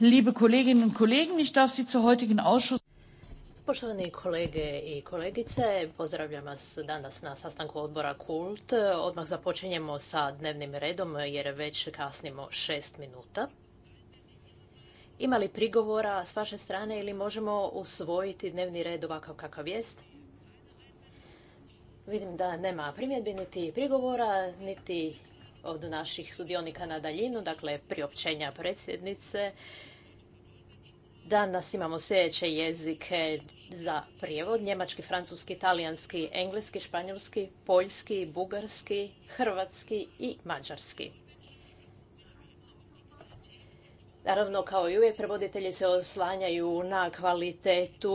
Liebe Kolleginnen und Kollegen, ich darf Sie heutigen Ausschuss Poštovani kolege i kolegice, pozdravljam vas danas na sastanku odbora KULT. Odmah započinjemo sa dnevnim redom jer već kasnimo šest minuta. Ima li prigovora s vaše strane ili možemo usvojiti dnevni red ovakav kakav jest? Vidim da nema primjedbi niti prigovora, niti od naših sudionika na daljinu, dakle priopćenja predsjednice. Danas imamo sljedeće jezike za prijevod. Njemački, francuski, italijanski, engleski, španjolski, poljski, bugarski, hrvatski i mađarski. Naravno, kao i uvijek, prevoditelji se oslanjaju na kvalitetu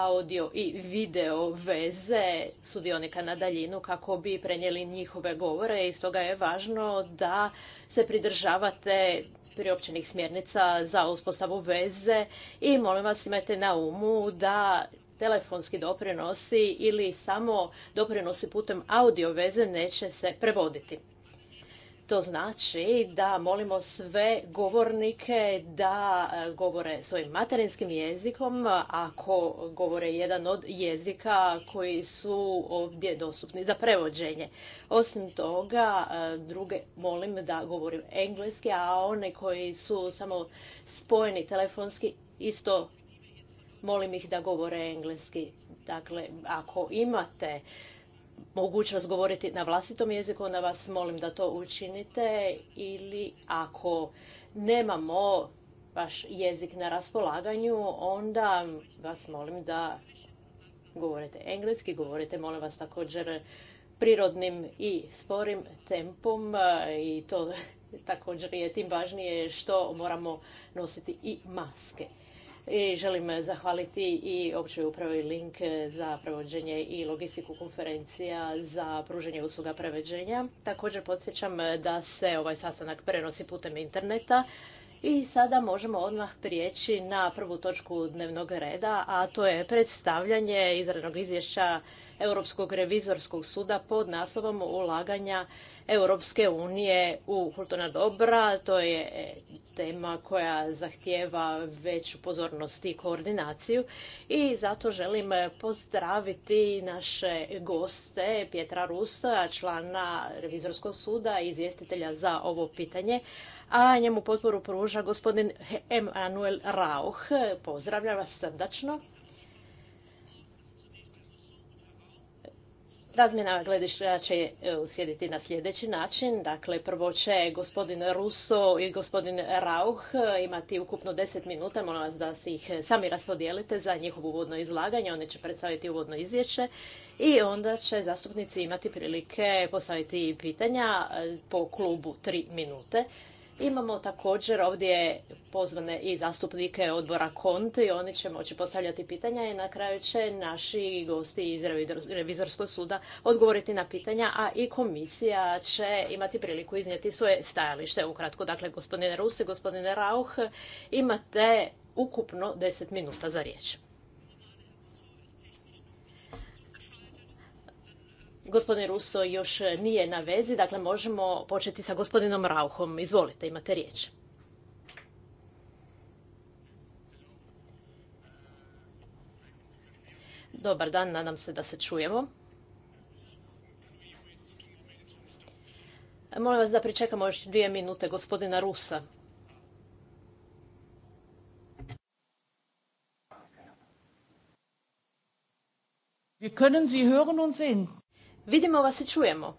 audio i video veze sudionika na daljinu kako bi prenijeli njihove govore i stoga je važno da se pridržavate priopćenih smjernica za uspostavu veze i molim vas imajte na umu da telefonski doprinosi ili samo doprinosi putem audio veze neće se prevoditi. To znači da molimo sve govornike da e, govore svojim materinskim jezikom ako govore jedan od jezika koji su ovdje dostupni za prevođenje. Osim toga, e, druge molim da govorim engleski, a one koji su samo spojeni telefonski isto molim ih da govore engleski. Dakle, ako imate mogućnost govoriti na vlastitom jeziku, onda vas molim da to učinite ili ako nemamo vaš jezik na raspolaganju, onda vas molim da govorite engleski, govorite molim vas također prirodnim i sporim tempom eh, i to također je tim važnije što moramo nositi i maske. I želim zahvaliti i općoj upravi Link za provođenje i logistiku konferencija za pruženje usluga prevođenja. Također podsjećam da se ovaj sastanak prenosi putem interneta. I sada možemo odmah prijeći na prvu točku dnevnog reda, a to je predstavljanje izrednog izvješća Europskog revizorskog suda pod naslovom ulaganja Europske unije u kulturna dobra. To je tema koja zahtijeva veću pozornost i koordinaciju i zato želim pozdraviti naše goste Pjetra Rusa, člana Revizorskog suda i izvjestitelja za ovo pitanje, a njemu potporu pruža gospodin Emanuel Rauch. Pozdravljam vas srdačno. Razmjena gledišta će e, usjediti na sljedeći način. Dakle, prvo će gospodin Russo i gospodin Rauh e, imati ukupno 10 minuta. Molim vas da si ih sami raspodijelite za njihovo uvodno izlaganje. Oni će predstaviti uvodno izvješće i onda će zastupnici imati prilike postaviti pitanja e, po klubu 3 minute. Imamo također ovdje pozvane i zastupnike odbora KONT i oni će moći postavljati pitanja i na kraju će naši gosti iz Revizorskog suda odgovoriti na pitanja, a i komisija će imati priliku iznijeti svoje stajalište. Ukratko, dakle, gospodine Rusi, gospodine Rauh, imate ukupno 10 minuta za riječ. Gospodin Ruso još e, nije na vezi, dakle možemo početi sa gospodinom Rauhom. Izvolite, imate riječ. Dobar dan, nadam se da se čujemo. Molim vas da pričekamo još dvije minute gospodina Rusa. Wir können Sie hören und Vidimo vas i čujemo.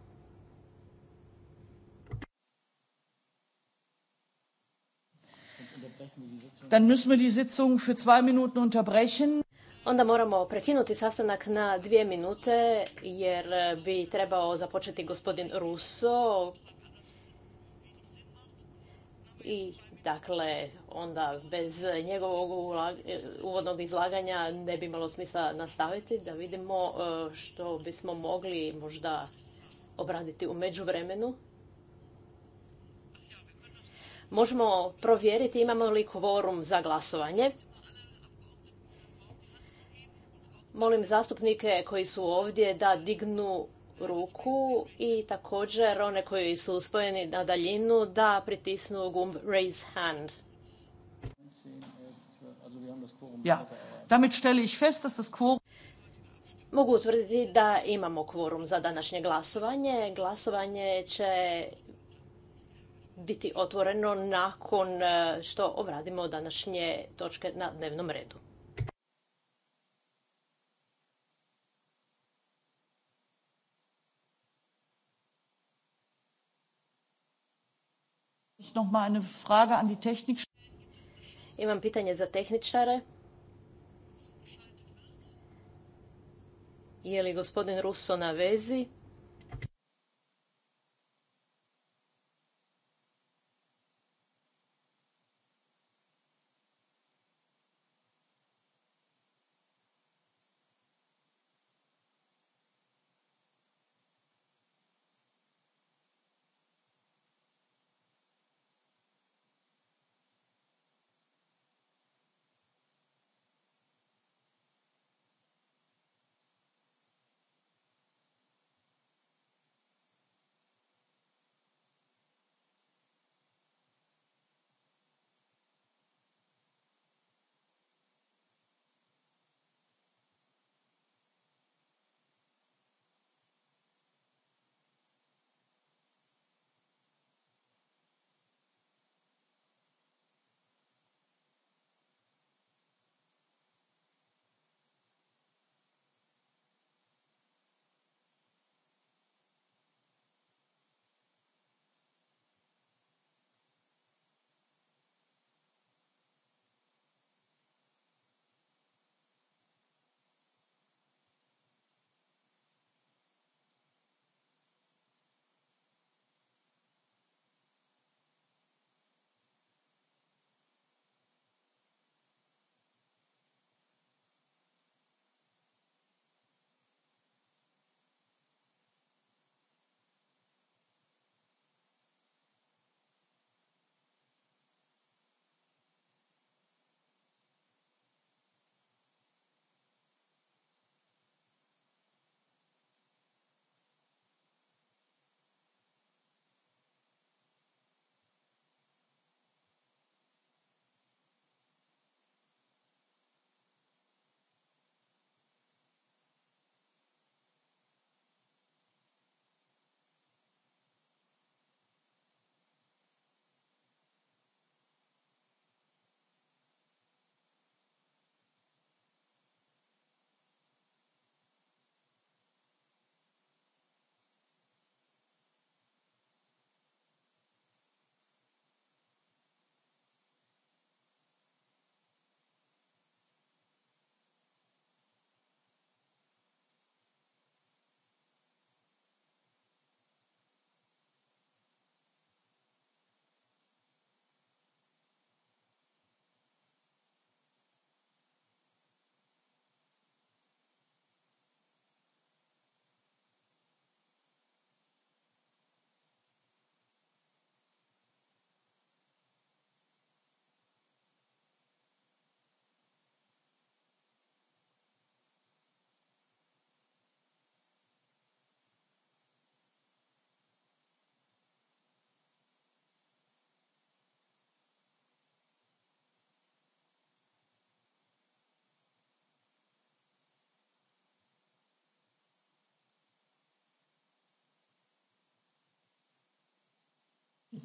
Dann müssen wir die Sitzung für Minuten unterbrechen. Onda moramo prekinuti sastanak na dvije minute jer eh, bi trebao započeti gospodin Russo. I Dakle, onda bez njegovog uvodnog izlaganja ne bi imalo smisla nastaviti da vidimo e, što bismo mogli možda obraditi u međuvremenu. Možemo provjeriti imamo li kvorum za glasovanje. Molim zastupnike koji su ovdje da dignu ruku i također one koji su uspojeni na daljinu da pritisnu gumb raise hand. Ja, damit fest, Mogu utvrditi da imamo kvorum za današnje glasovanje. Glasovanje će biti otvoreno nakon eh, što obradimo današnje točke na dnevnom redu. nochmal eine Frage an Imam pitanje za tehničare. Je li gospodin Russo na vezi?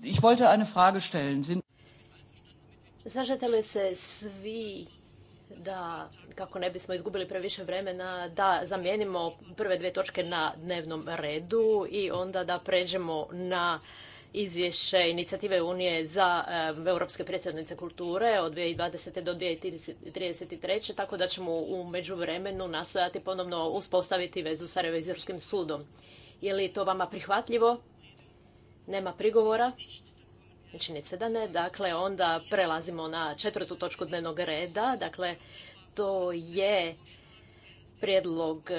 Ich wollte Frage stellen. Sind li se svi da, kako ne bismo izgubili previše vremena, da zamijenimo prve dvije točke na dnevnom redu i onda da pređemo na izvješće inicijative Unije za eh, europske predsjednice kulture od 2020. do 2033. tako da ćemo u međuvremenu nastojati ponovno uspostaviti vezu sa revizorskim sudom. Je li to vama prihvatljivo? Nema prigovora? Čini se da ne. Dakle, onda prelazimo na četvrtu točku dnevnog reda. Dakle, to je prijedlog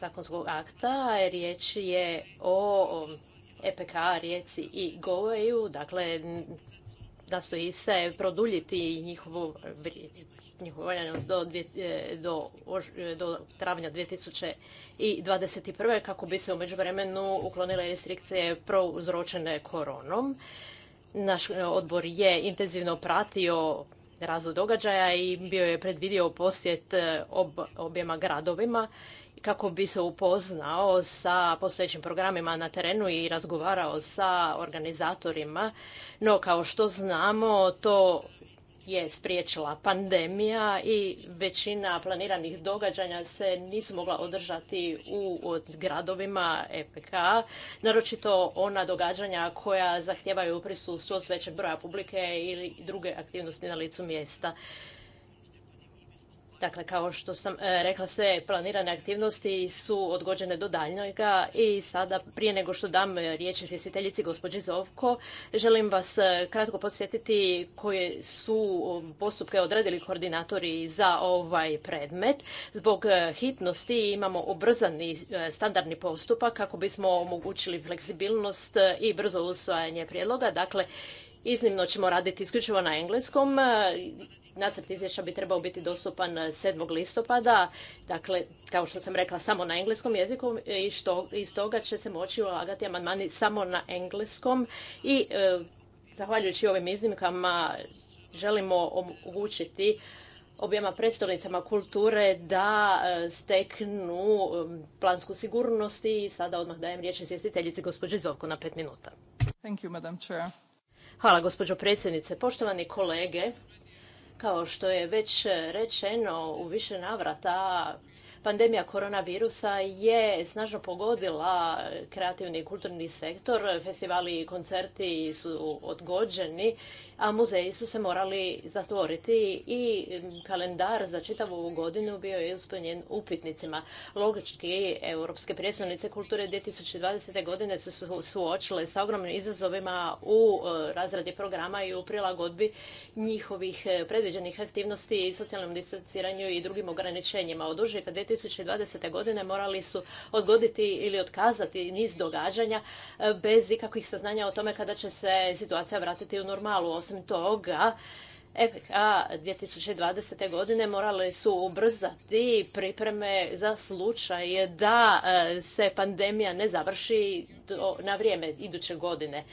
zakonskog akta. Riječ je o EPK, Rijeci i Goveju. Dakle, i se produljiti njihovo njihovu valjanost do, e, do, e, do travnja 2021. kako bi se u međuvremenu uklonile restrikcije prouzročene koronom. Naš e, odbor je intenzivno pratio razvoj događaja i bio je predvidio posjet ob, objema gradovima kako bi se upoznao sa postojećim programima na terenu i razgovarao sa organizatorima. No, kao što znamo, to je spriječila pandemija i većina planiranih događanja se nisu mogla održati u gradovima EPK, naročito ona događanja koja zahtijevaju prisustvo s većeg broja publike ili druge aktivnosti na licu mjesta. Dakle, kao što sam e, rekla, sve planirane aktivnosti su odgođene do daljnjega i sada prije nego što dam e, riječ izvjestiteljici gospođi Zovko, želim vas e, kratko podsjetiti koje su um, postupke odredili koordinatori za ovaj predmet. Zbog hitnosti imamo ubrzani standardni postupak kako bismo omogućili fleksibilnost i brzo usvajanje prijedloga. Dakle, Iznimno ćemo raditi isključivo na engleskom Nacrt izvješća bi trebao biti dostupan 7. Eh, listopada, dakle, kao što sam rekla, samo na engleskom jeziku i što iz toga će se moći ulagati amandmani samo na engleskom i eh, zahvaljujući ovim iznimkama želimo omogućiti objema predstavnicama kulture da eh, steknu plansku sigurnost i sada odmah dajem riječ izvjestiteljici gospođi Zovko na pet minuta. Thank you, Madam Chair. Hvala gospođo predsjednice. Poštovani kolege, kao što je već rečeno u više navrata, pandemija koronavirusa je snažno pogodila kreativni i kulturni sektor. Festivali i koncerti su odgođeni, a muzeji su se morali zatvoriti i kalendar za čitavu godinu bio je uspunjen upitnicima. Logički, europske predstavnice kulture 2020. godine su suočile sa ogromnim izazovima u e, razradi programa i u prilagodbi njihovih e, predviđenih aktivnosti, i socijalnom distanciranju i drugim ograničenjima. Od 2020. 2020. godine morali su odgoditi ili otkazati niz događanja e, bez ikakvih saznanja o tome kada će se situacija vratiti u normalu. Osim toga, EPK 2020. godine morali su ubrzati pripreme za slučaj da e, se pandemija ne završi na vrijeme iduće godine.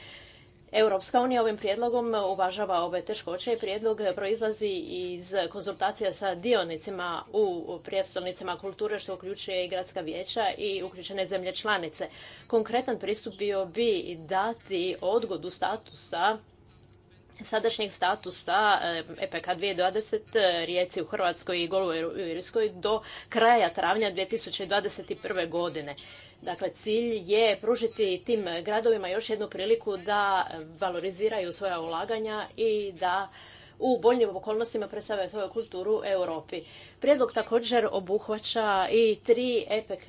Europska unija ovim prijedlogom uvažava ove teškoće i prijedlog proizlazi iz konzultacija sa dionicima u prijestolnicima kulture što uključuje i gradska vijeća i uključene zemlje članice. Konkretan pristup bio bi dati odgodu statusa sadašnjeg statusa eh, EPK 2020 eh, rijeci u Hrvatskoj i Golu u Irskoj do kraja travnja 2021. godine. Dakle, cilj je pružiti tim gradovima još jednu priliku da valoriziraju svoja ulaganja i da u boljim okolnostima predstavlja svoju kulturu Europi. Prijedlog također obuhvaća i tri EPK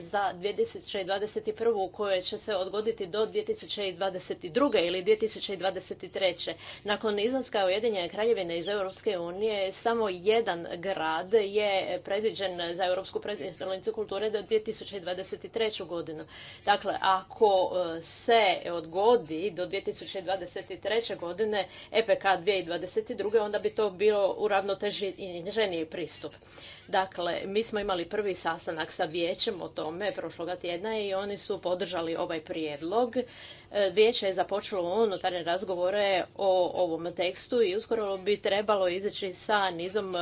za 2021. koje će se odgoditi do 2022. ili 2023. Nakon izlaska Ujedinjene kraljevine iz Europske unije samo jedan grad je predviđen za Europsku predstavnicu kulture do 2023. godinu. Dakle, ako e, se odgodi do 2023. godine EPK dvadeset druge onda bi to bilo uravnoteženiji pristup. Dakle, mi smo imali prvi sastanak sa vijećem o tome prošloga tjedna i oni su podržali ovaj prijedlog. E, vijeće je započelo unutarnje razgovore o ovom tekstu i uskoro bi trebalo izaći sa nizom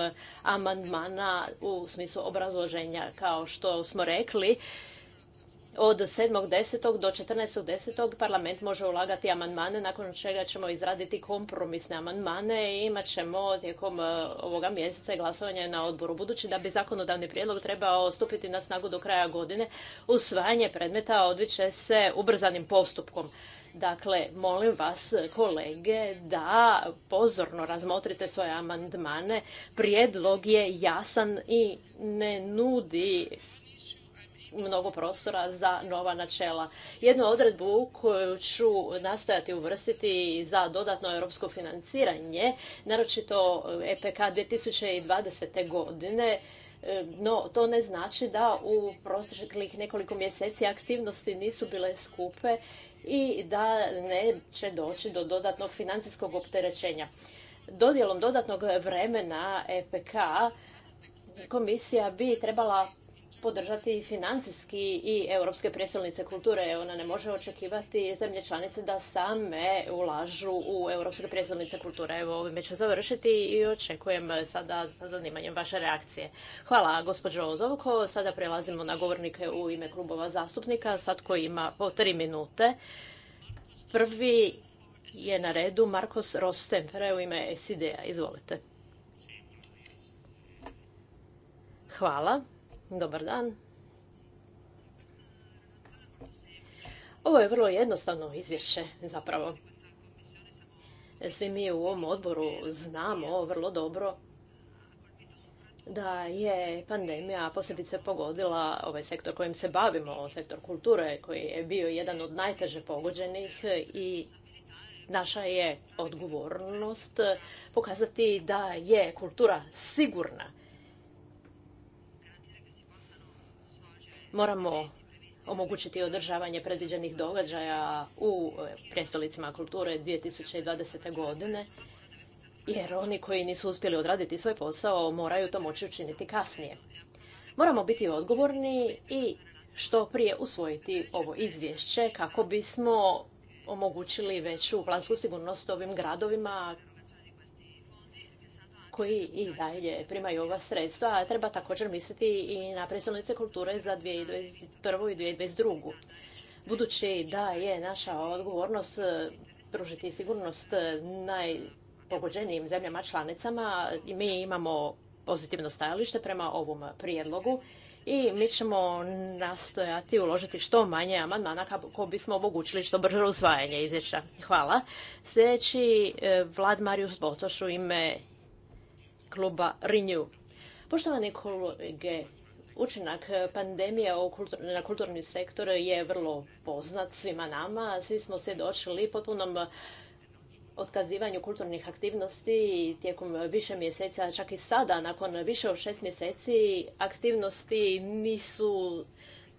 amandmana u smislu obrazloženja kao što smo rekli od 7.10. do 14.10. parlament može ulagati amandmane, nakon čega ćemo izraditi kompromisne amandmane i imat ćemo tijekom e, ovoga mjeseca glasovanje na odboru. Budući da bi zakonodavni prijedlog trebao stupiti na snagu do kraja godine, usvajanje predmeta odviće se ubrzanim postupkom. Dakle, molim vas, kolege, da pozorno razmotrite svoje amandmane. Prijedlog je jasan i ne nudi mnogo prostora za nova načela. Jednu odredbu koju ću nastojati uvrstiti za dodatno europsko financiranje, naročito EPK 2020. godine, e, no, to ne znači da u proteklih nekoliko mjeseci aktivnosti nisu bile skupe i da neće doći do dodatnog financijskog opterećenja. Dodjelom dodatnog vremena EPK komisija bi trebala podržati financijski i europske prijestolnice kulture. Ona ne može očekivati zemlje članice da same ulažu u europske prijestolnice kulture. Evo ovime ću završiti i očekujem sada sa zanimanjem vaše reakcije. Hvala gospođo Ozovko. Sada prelazimo na govornike u ime klubova zastupnika. Sad koji ima po tri minute. Prvi je na redu Markos Rossempere u ime SID-a. Izvolite. Hvala. Dobar dan. Ovo je vrlo jednostavno izvješće zapravo. Svi mi u ovom odboru znamo vrlo dobro da je pandemija posebice pogodila ovaj sektor kojim se bavimo, sektor kulture koji je bio jedan od najteže pogođenih i naša je odgovornost pokazati da je kultura sigurna Moramo omogućiti održavanje predviđenih događaja u e, prestolicima kulture 2020. godine, jer oni koji nisu uspjeli odraditi svoj posao moraju to moći učiniti kasnije. Moramo biti odgovorni i što prije usvojiti ovo izvješće kako bismo omogućili veću plansku sigurnost ovim gradovima koji i dalje primaju ova sredstva, a treba također misliti i na predstavnice kulture za 2021. i 2022. Budući da je naša odgovornost e, pružiti sigurnost e, najpogođenijim zemljama članicama, mi imamo pozitivno stajalište prema ovom prijedlogu i mi ćemo nastojati uložiti što manje amandmana kako bismo omogućili što brže usvajanje izvješća. Hvala. Sljedeći e, Vlad Marius Botoš u ime kluba Renew. Poštovani kolege, učinak pandemije na kulturni sektor je vrlo poznat svima nama. Svi smo svjedočili potpunom otkazivanju kulturnih aktivnosti tijekom više mjeseca, čak i sada, nakon više od šest mjeseci, aktivnosti nisu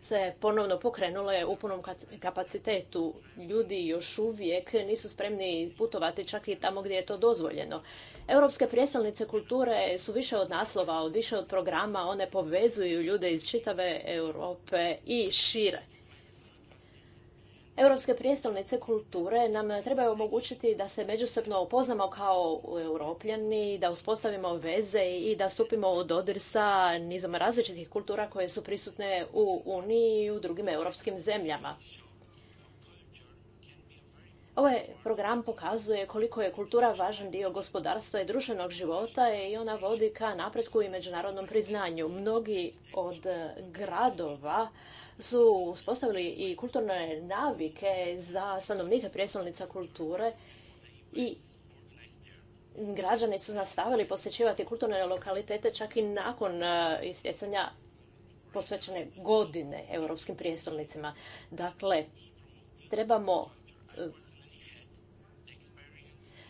se ponovno pokrenule u punom kapacitetu. Ljudi još uvijek nisu spremni putovati čak i tamo gdje je to dozvoljeno. Europske prijestolnice kulture su više od naslova, od više od programa, one povezuju ljude iz čitave Europe i šire. Europske prijestolnice kulture nam trebaju omogućiti da se međusobno upoznamo kao europljani, da uspostavimo veze i da stupimo u dodir sa nizom različitih kultura koje su prisutne u Uniji i u drugim europskim zemljama. Ovaj program pokazuje koliko je kultura važan dio gospodarstva i društvenog života i ona vodi ka napretku i međunarodnom priznanju. Mnogi od gradova su uspostavili i kulturne navike za stanovnike prijestolnica kulture i građani su nastavili posjećivati kulturne lokalitete čak i nakon e, istjecanja posvećene godine europskim prijestolnicima. Dakle, trebamo e,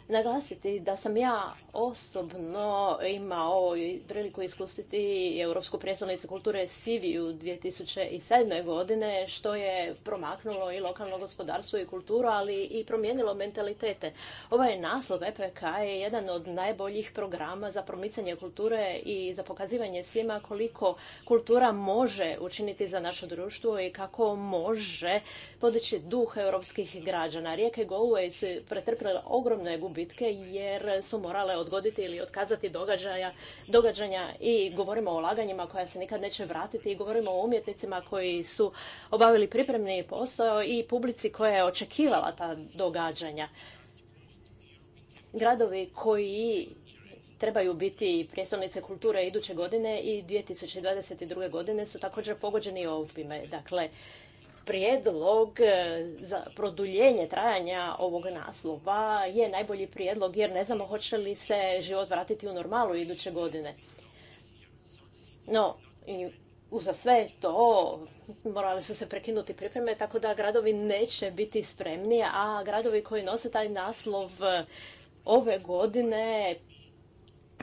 naglasiti da sam ja osobno imao priliku iskusiti Europsku prijestolnicu kulture Siviju 2007. godine, što je promaknulo i lokalno gospodarstvo i kulturu, ali i promijenilo mentalitete. Ovaj naslov EPK je jedan od najboljih programa za promicanje kulture i za pokazivanje svima koliko kultura može učiniti za naše društvo i kako može podići duh europskih građana. Rijeke Galway su pretrpile ogromne gubitke gubitke jer su morale odgoditi ili otkazati događaja, događanja i govorimo o laganjima koja se nikad neće vratiti i govorimo o umjetnicima koji su obavili pripremni posao i publici koja je očekivala ta događanja. Gradovi koji trebaju biti prijestolnice kulture iduće godine i 2022. godine su također pogođeni ovime. Dakle, prijedlog e, za produljenje trajanja ovog naslova je najbolji prijedlog jer ne znamo hoće li se život vratiti u normalu iduće godine. No, i uza sve to morali su se prekinuti pripreme, tako da gradovi neće biti spremni, a gradovi koji nose taj naslov e, ove godine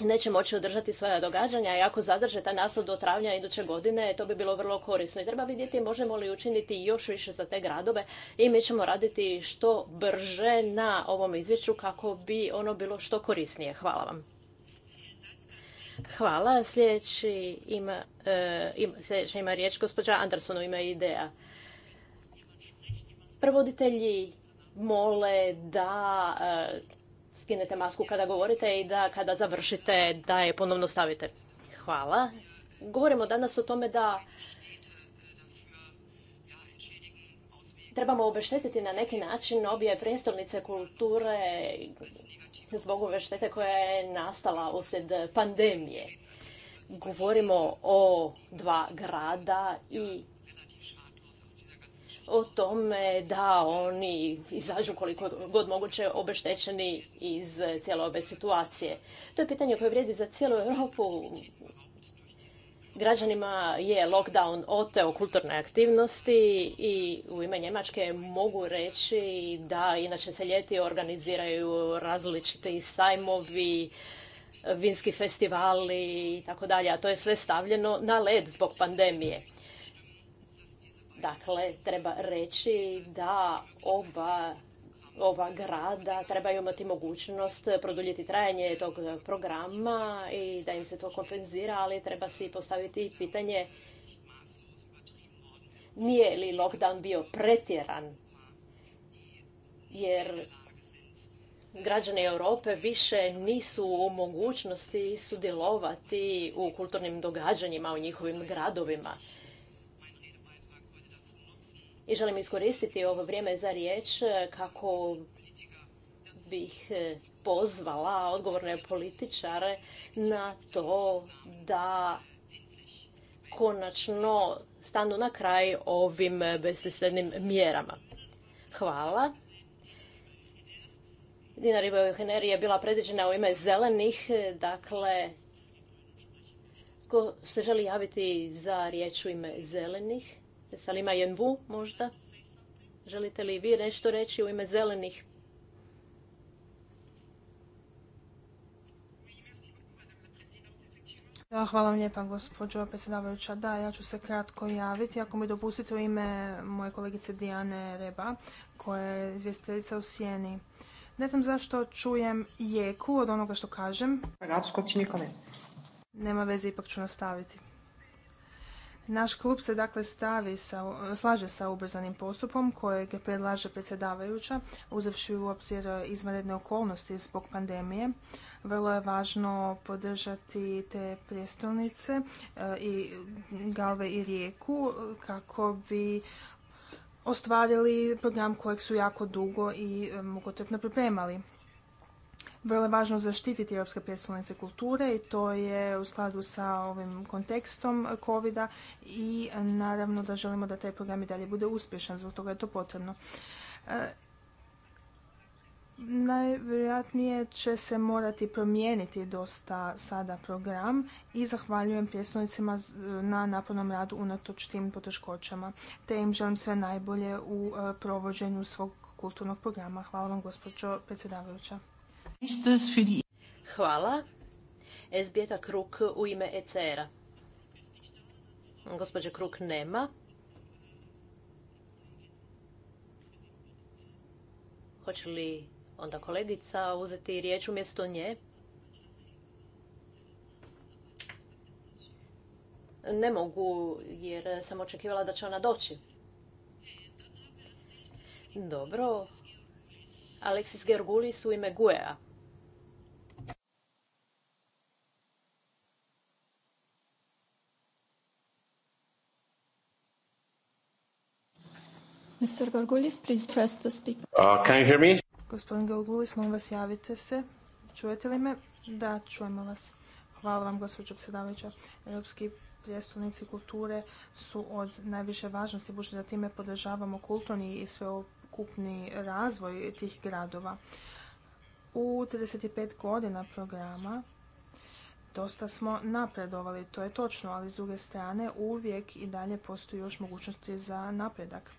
neće moći održati svoja događanja i ako zadrže taj naslov do travnja iduće godine, to bi bilo vrlo korisno. I treba vidjeti možemo li učiniti još više za te gradove i mi ćemo raditi što brže na ovom izvješću kako bi ono bilo što korisnije. Hvala vam. Hvala. Sljedeći ima, e, ima, sljedeća ima riječ gospođa Andersonu. Ima ideja. Prvoditelji mole da e, skinete masku kada govorite i da kada završite da je ponovno stavite. Hvala. Govorimo danas o tome da trebamo obeštetiti na neki način obje predstavnice kulture zbog ove štete koja je nastala uslijed pandemije. Govorimo o dva grada i o tome da oni izađu koliko god moguće obeštećeni iz cijele ove situacije. To je pitanje koje vrijedi za cijelu Europu. Građanima je lockdown oteo kulturne aktivnosti i u ime Njemačke mogu reći da inače se ljeti organiziraju različiti sajmovi, vinski festivali i tako dalje, a to je sve stavljeno na led zbog pandemije. Dakle, treba reći da oba ova grada trebaju imati mogućnost produljiti trajanje tog programa i da im se to kompenzira, ali treba si postaviti pitanje nije li lockdown bio pretjeran, jer građani Europe više nisu u mogućnosti sudjelovati u kulturnim događanjima u njihovim gradovima i želim iskoristiti ovo vrijeme za riječ e, kako bih e, pozvala odgovorne političare na to da konačno stanu na kraj ovim besmislenim mjerama. Hvala. Dina Ribojohener je bila predviđena u ime zelenih, e, dakle, ko se želi javiti za riječ u ime zelenih? Salima Jenbu možda. Želite li vi nešto reći u ime zelenih? Da, hvala vam lijepa gospođo predsjedavajuća. Da, ja ću se kratko javiti. Ako mi dopustite u ime moje kolegice Dijane Reba, koja je izvjestiteljica u Sijeni. Ne znam zašto čujem jeku od onoga što kažem. Nema veze, ipak ću nastaviti. Naš klub se dakle stavi sa, slaže sa ubrzanim postupom kojeg predlaže predsjedavajuća, uzevši u obzir izvanredne okolnosti zbog pandemije. Vrlo je važno podržati te prijestolnice e, i Galve i Rijeku kako bi ostvarili program kojeg su jako dugo i e, mukotrpno pripremali vrlo je važno zaštititi Europske predstavnice kulture i to je u skladu sa ovim kontekstom covid i naravno da želimo da taj program i dalje bude uspješan, zbog toga je to potrebno. E, najvjerojatnije će se morati promijeniti dosta sada program i zahvaljujem prijestolnicima na napornom radu unatoč tim poteškoćama, te im želim sve najbolje u e, provođenju svog kulturnog programa. Hvala vam gospođo predsjedavajuća. Hvala. Esbjeta Kruk u ime ECR-a. Gospođe Kruk nema. Hoće li onda kolegica uzeti riječ umjesto nje? Ne mogu jer sam očekivala da će ona doći. Dobro. Alexis Gergulis u ime Guea. Mr. Gorgulis, please press the uh, hear me? Gospodin molim vas javite se. Čujete li me? Da, čujemo vas. Hvala vam, gospođo predsjedavajuća. Europski prijestolnici kulture su od najviše važnosti, budući da time podržavamo kulturni i sveokupni razvoj tih gradova. U 35 godina programa dosta smo napredovali, to je točno, ali s druge strane uvijek i dalje postoji još mogućnosti za napredak.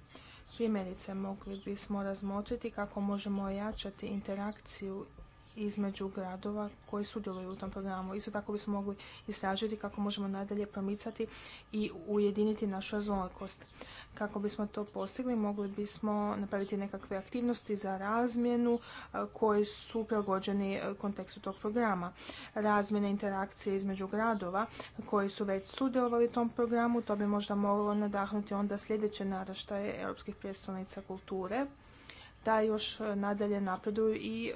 Primjerice, mogli bismo razmotriti kako možemo ojačati interakciju između gradova koji sudjeluju u tom programu. Isto tako bismo mogli istražiti kako možemo nadalje promicati i ujediniti našu raznolikost. Kako bismo to postigli, mogli bismo napraviti nekakve aktivnosti za razmjenu koji su prilagođeni kontekstu tog programa. Razmjene interakcije između gradova koji su već sudjelovali u tom programu, to bi možda moglo nadahnuti onda sljedeće naraštaje europskih predstavnica kulture da još nadalje napreduju i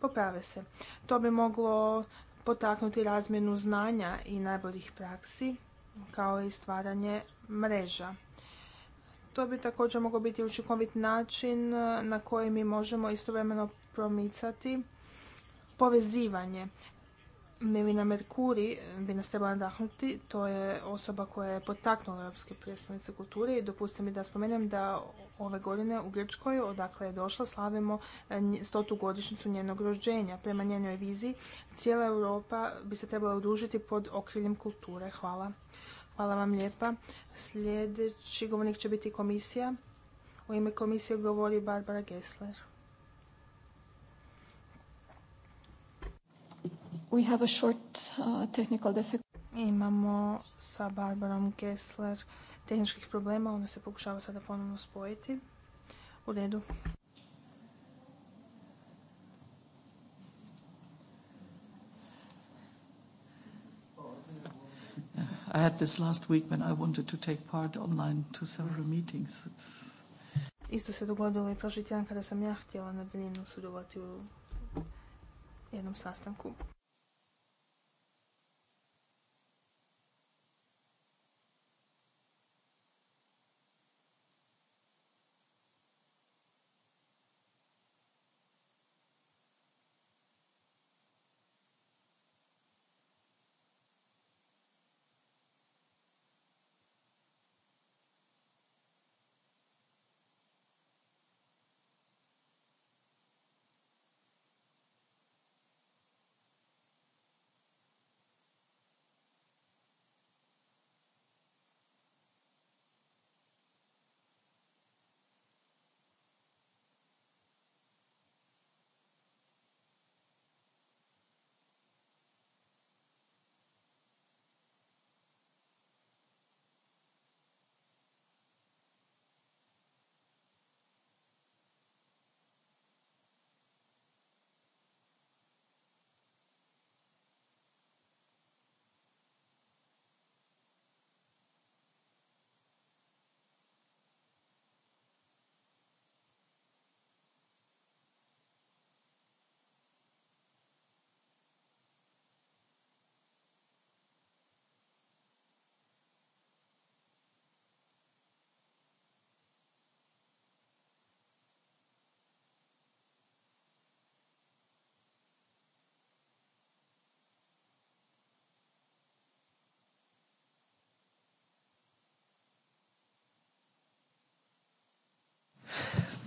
poprave se. To bi moglo potaknuti razmjenu znanja i najboljih praksi kao i stvaranje mreža. To bi također moglo biti učinkovit način e, na koji mi možemo istovremeno promicati povezivanje Melina Merkuri eh, bi nas trebala nadahnuti, to je osoba koja je potaknula Europske predstavnice kulture i dopustite mi da spomenem da ove godine u Grčkoj, odakle je došla, slavimo eh, stotu godišnjicu njenog rođenja. Prema njenoj viziji cijela Europa bi se trebala udružiti pod okriljem kulture. Hvala. Hvala vam lijepa. Sljedeći govornik će biti komisija. U ime komisije govori Barbara Gessler. We have a short, uh, Imamo sa Barbarom Kessler tehničkih problema, ona se pokušava sada ponovno spojiti. U redu. I had this last week when I wanted to take part online to several meetings. Isto se dogodilo i prošli tjedan kada sam ja htjela na daljinu sudovati u jednom sastanku.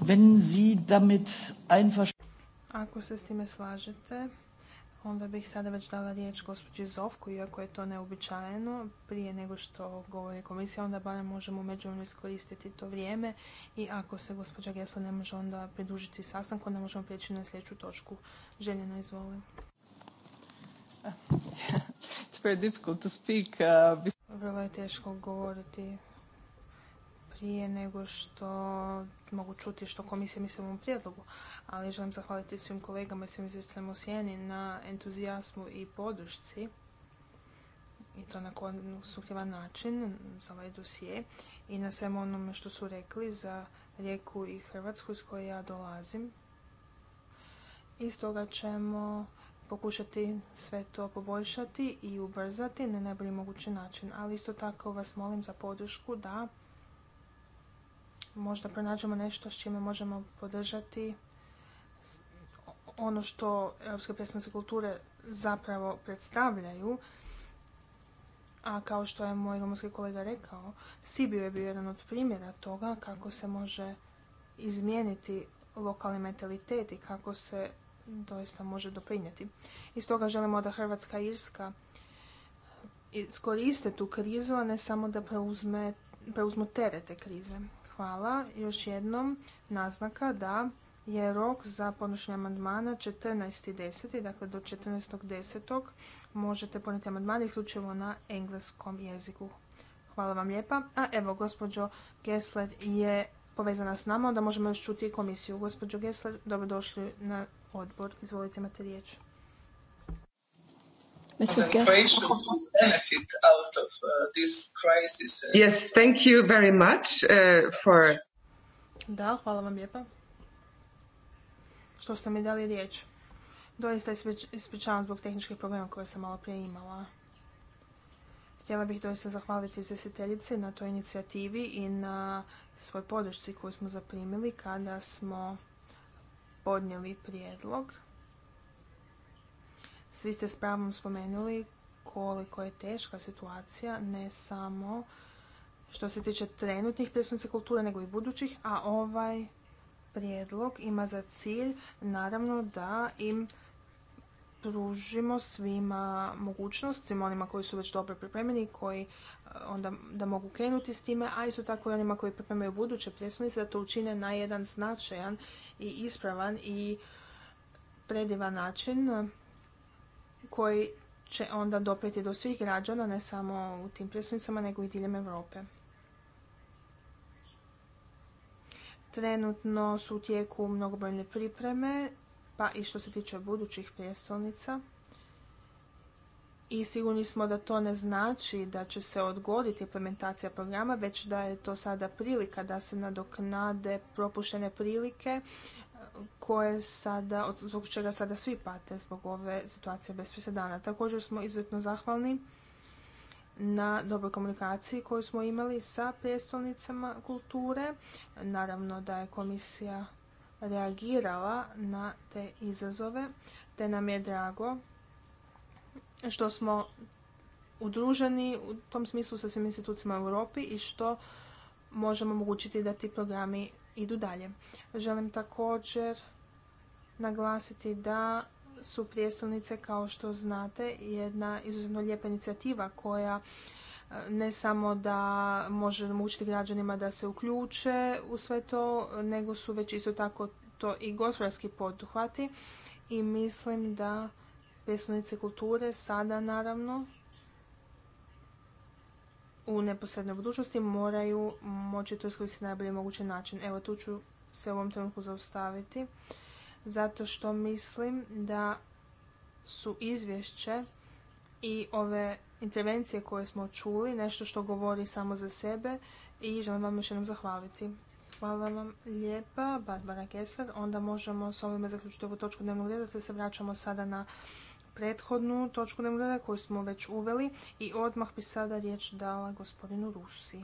Wenn damit Ako se s time slažete, onda bih sada već dala riječ gospođi Zovku, iako je to neobičajeno. Prije nego što govori komisija, onda barem možemo međuvremenu iskoristiti to vrijeme i ako se gospođa Gesla ne može onda pridružiti sastanku, onda možemo prijeći na sljedeću točku. Željeno izvolim. difficult uh, Vrlo je teško govoriti prije nego što mogu čuti što komisija misli u ovom prijedlogu, ali želim zahvaliti svim kolegama i svim izvjestiteljima u Sjeni na entuzijasmu i podršci i to na konstruktivan način za ovaj dosije i na svemu onome što su rekli za Rijeku i Hrvatsku iz koje ja dolazim. I stoga ćemo pokušati sve to poboljšati i ubrzati na najbolji mogući način. Ali isto tako vas molim za podršku da možda pronađemo nešto s čime možemo podržati ono što europske predstavnice kulture zapravo predstavljaju, a kao što je moj rumunski kolega rekao, Sibio je bio jedan od primjera toga kako se može izmijeniti lokalni mentalitet i kako se doista može doprinijeti. Iz toga želimo da Hrvatska i Irska iskoriste tu krizu, a ne samo da preuzme, preuzmu terete krize. Hvala. Još jednom naznaka da je rok za podnošenje amandmana 14.10. Dakle, do 14.10. možete ponijeti amandmane isključivo na engleskom jeziku. Hvala vam lijepa. A evo, gospođo Gessler je povezana s nama, onda možemo još čuti komisiju. Gospođo Gessler, dobrodošli na odbor. Izvolite, imate riječ. Da, hvala vam lijepa. Što ste mi dali riječ. Doista ispričavam zbog tehničkih problema koje sam malo prije imala. Htjela bih doista zahvaliti izvjestiteljice na toj inicijativi i na svoj podršci koju smo zaprimili kada smo podnijeli prijedlog. Svi ste s pravom spomenuli koliko je teška situacija, ne samo što se tiče trenutnih predstavnice kulture, nego i budućih, a ovaj prijedlog ima za cilj naravno da im pružimo svima mogućnost, svima onima koji su već dobro pripremljeni, koji eh, onda da mogu krenuti s time, a isto tako i onima koji pripremaju buduće predstavnice, da to učine na jedan značajan i ispravan i predivan način koji će onda dopeti do svih građana, ne samo u tim predstavnicama, nego i diljem Europe. Trenutno su u tijeku mnogobrojne pripreme, pa i što se tiče budućih prijestolnica. I sigurni smo da to ne znači da će se odgoditi implementacija programa, već da je to sada prilika da se nadoknade propuštene prilike koje sada, zbog čega sada svi pate zbog ove situacije bez dana. Također smo izuzetno zahvalni na dobroj komunikaciji koju smo imali sa prijestolnicama kulture. Naravno da je komisija reagirala na te izazove, te nam je drago što smo udruženi u tom smislu sa svim institucijama u Europi i što možemo omogućiti da ti programi idu dalje. Želim također naglasiti da su prijestolnice, kao što znate, jedna izuzetno lijepa inicijativa koja e, ne samo da može mučiti građanima da se uključe u sve to, nego su već isto tako to i gospodarski poduhvati i mislim da prijestolnice kulture sada naravno u neposrednoj budućnosti moraju moći to iskoristiti na najbolji mogući način. Evo tu ću se u ovom trenutku zaustaviti zato što mislim da su izvješće i ove intervencije koje smo čuli nešto što govori samo za sebe i želim vam još jednom zahvaliti. Hvala vam lijepa, Barbara Kesar. Onda možemo s ovime zaključiti ovu točku dnevnog reda, te se vraćamo sada na prethodnu točku dnevnog reda koju smo već uveli i odmah bi sada riječ dala gospodinu Rusi.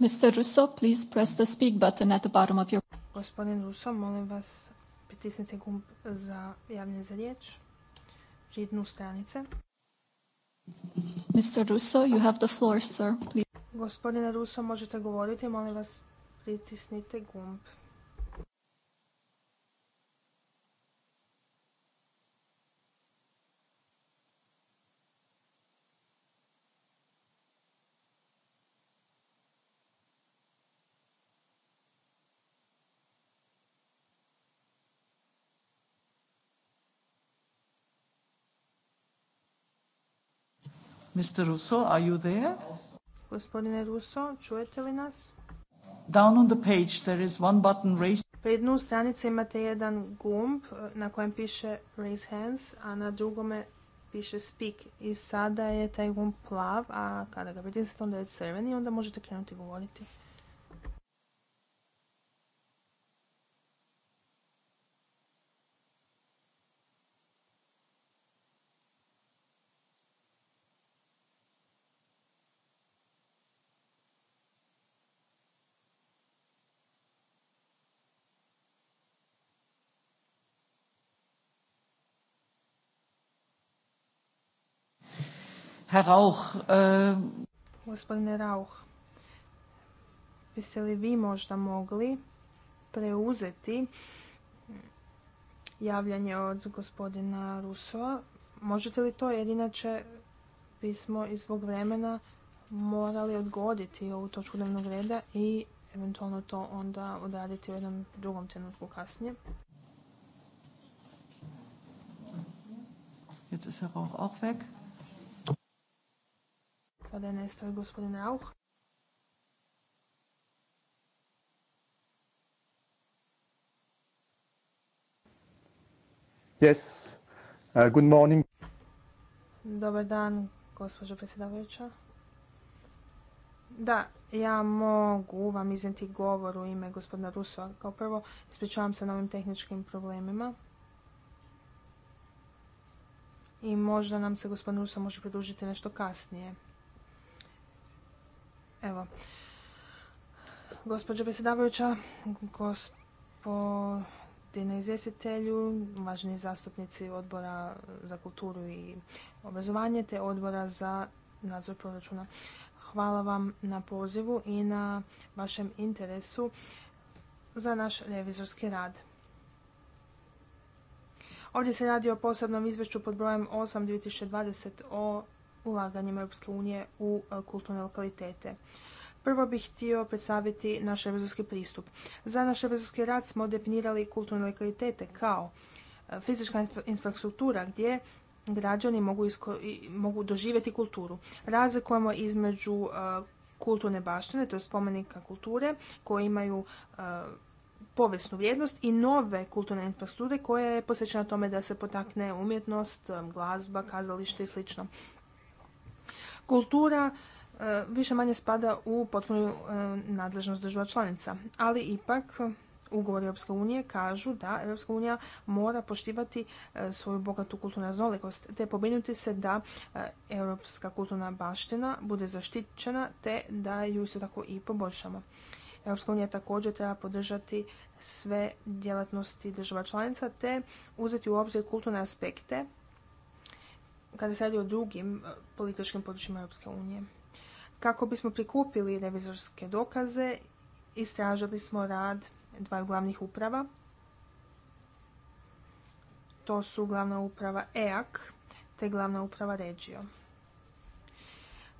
Mr. Russo, please press the speak button at the bottom of your... Gospodin Russo, molim vas pritisnite gumb za javljanje za riječ. Ridnu stranice. Mr. Russo, you have the floor, sir. Gospodine Russo, možete govoriti, molim vas pritisnite gumb. Mr. Russo, are you there? Gospodine Russo, čujete li nas? Down on the page there is one button raise. Pri dnu stranice imate jedan gumb e, na kojem piše raise hands, a na drugome piše speak. I sada je taj gumb plav, a kada ga vidite onda je crveni, onda možete krenuti govoriti. Herr eh, Gospodine Rauch, biste li vi možda mogli preuzeti javljanje od gospodina Rusova? Možete li to? Jer inače bismo i zbog vremena morali odgoditi ovu točku dnevnog reda i eventualno to onda odraditi u jednom drugom trenutku kasnije. Jetzt ist er auch weg. Sada je nestao gospodin Rauh. Yes. Uh, good morning. Dobar dan, gospođo predsjedavajuća. Da, ja mogu vam izneti govor u ime gospodina Rusova. Kao prvo, ispričavam se na ovim tehničkim problemima. I možda nam se gospodin Ruso može pridružiti nešto kasnije. Evo, gospođo predsjedavajuća, gospodine izvjestitelju, važni zastupnici odbora za kulturu i obrazovanje te odbora za nadzor proračuna. Hvala vam na pozivu i na vašem interesu za naš revizorski rad. Ovdje se radi o posebnom izvješću pod brojem 8 o ulaganjima Europske unije u e, kulturne lokalitete. Prvo bih htio predstaviti naš revizorski pristup. Za naš revizorski rad smo definirali kulturne lokalitete kao e, fizička infrastruktura gdje građani mogu, doživjeti kulturu. Razlikujemo između e, kulturne baštine, to je spomenika kulture, koje imaju povijesnu vrijednost i nove kulturne infrastrukture koja je posvećena tome da se potakne umjetnost, glazba, kazalište i sl. Kultura e, više manje spada u potpunu e, nadležnost država članica, ali ipak ugovori Europske unije kažu da Europska unija mora poštivati e, svoju bogatu kulturnu raznolikost te pobinuti se da europska kulturna baština bude zaštićena te da ju isto tako i poboljšamo. Europska unija također treba podržati sve djelatnosti država članica te uzeti u obzir kulturne aspekte kada se radi o drugim e, političkim područjima Europske unije. Kako bismo prikupili revizorske dokaze, istražili smo rad dvaju glavnih uprava. To su glavna uprava EAK te glavna uprava Regio.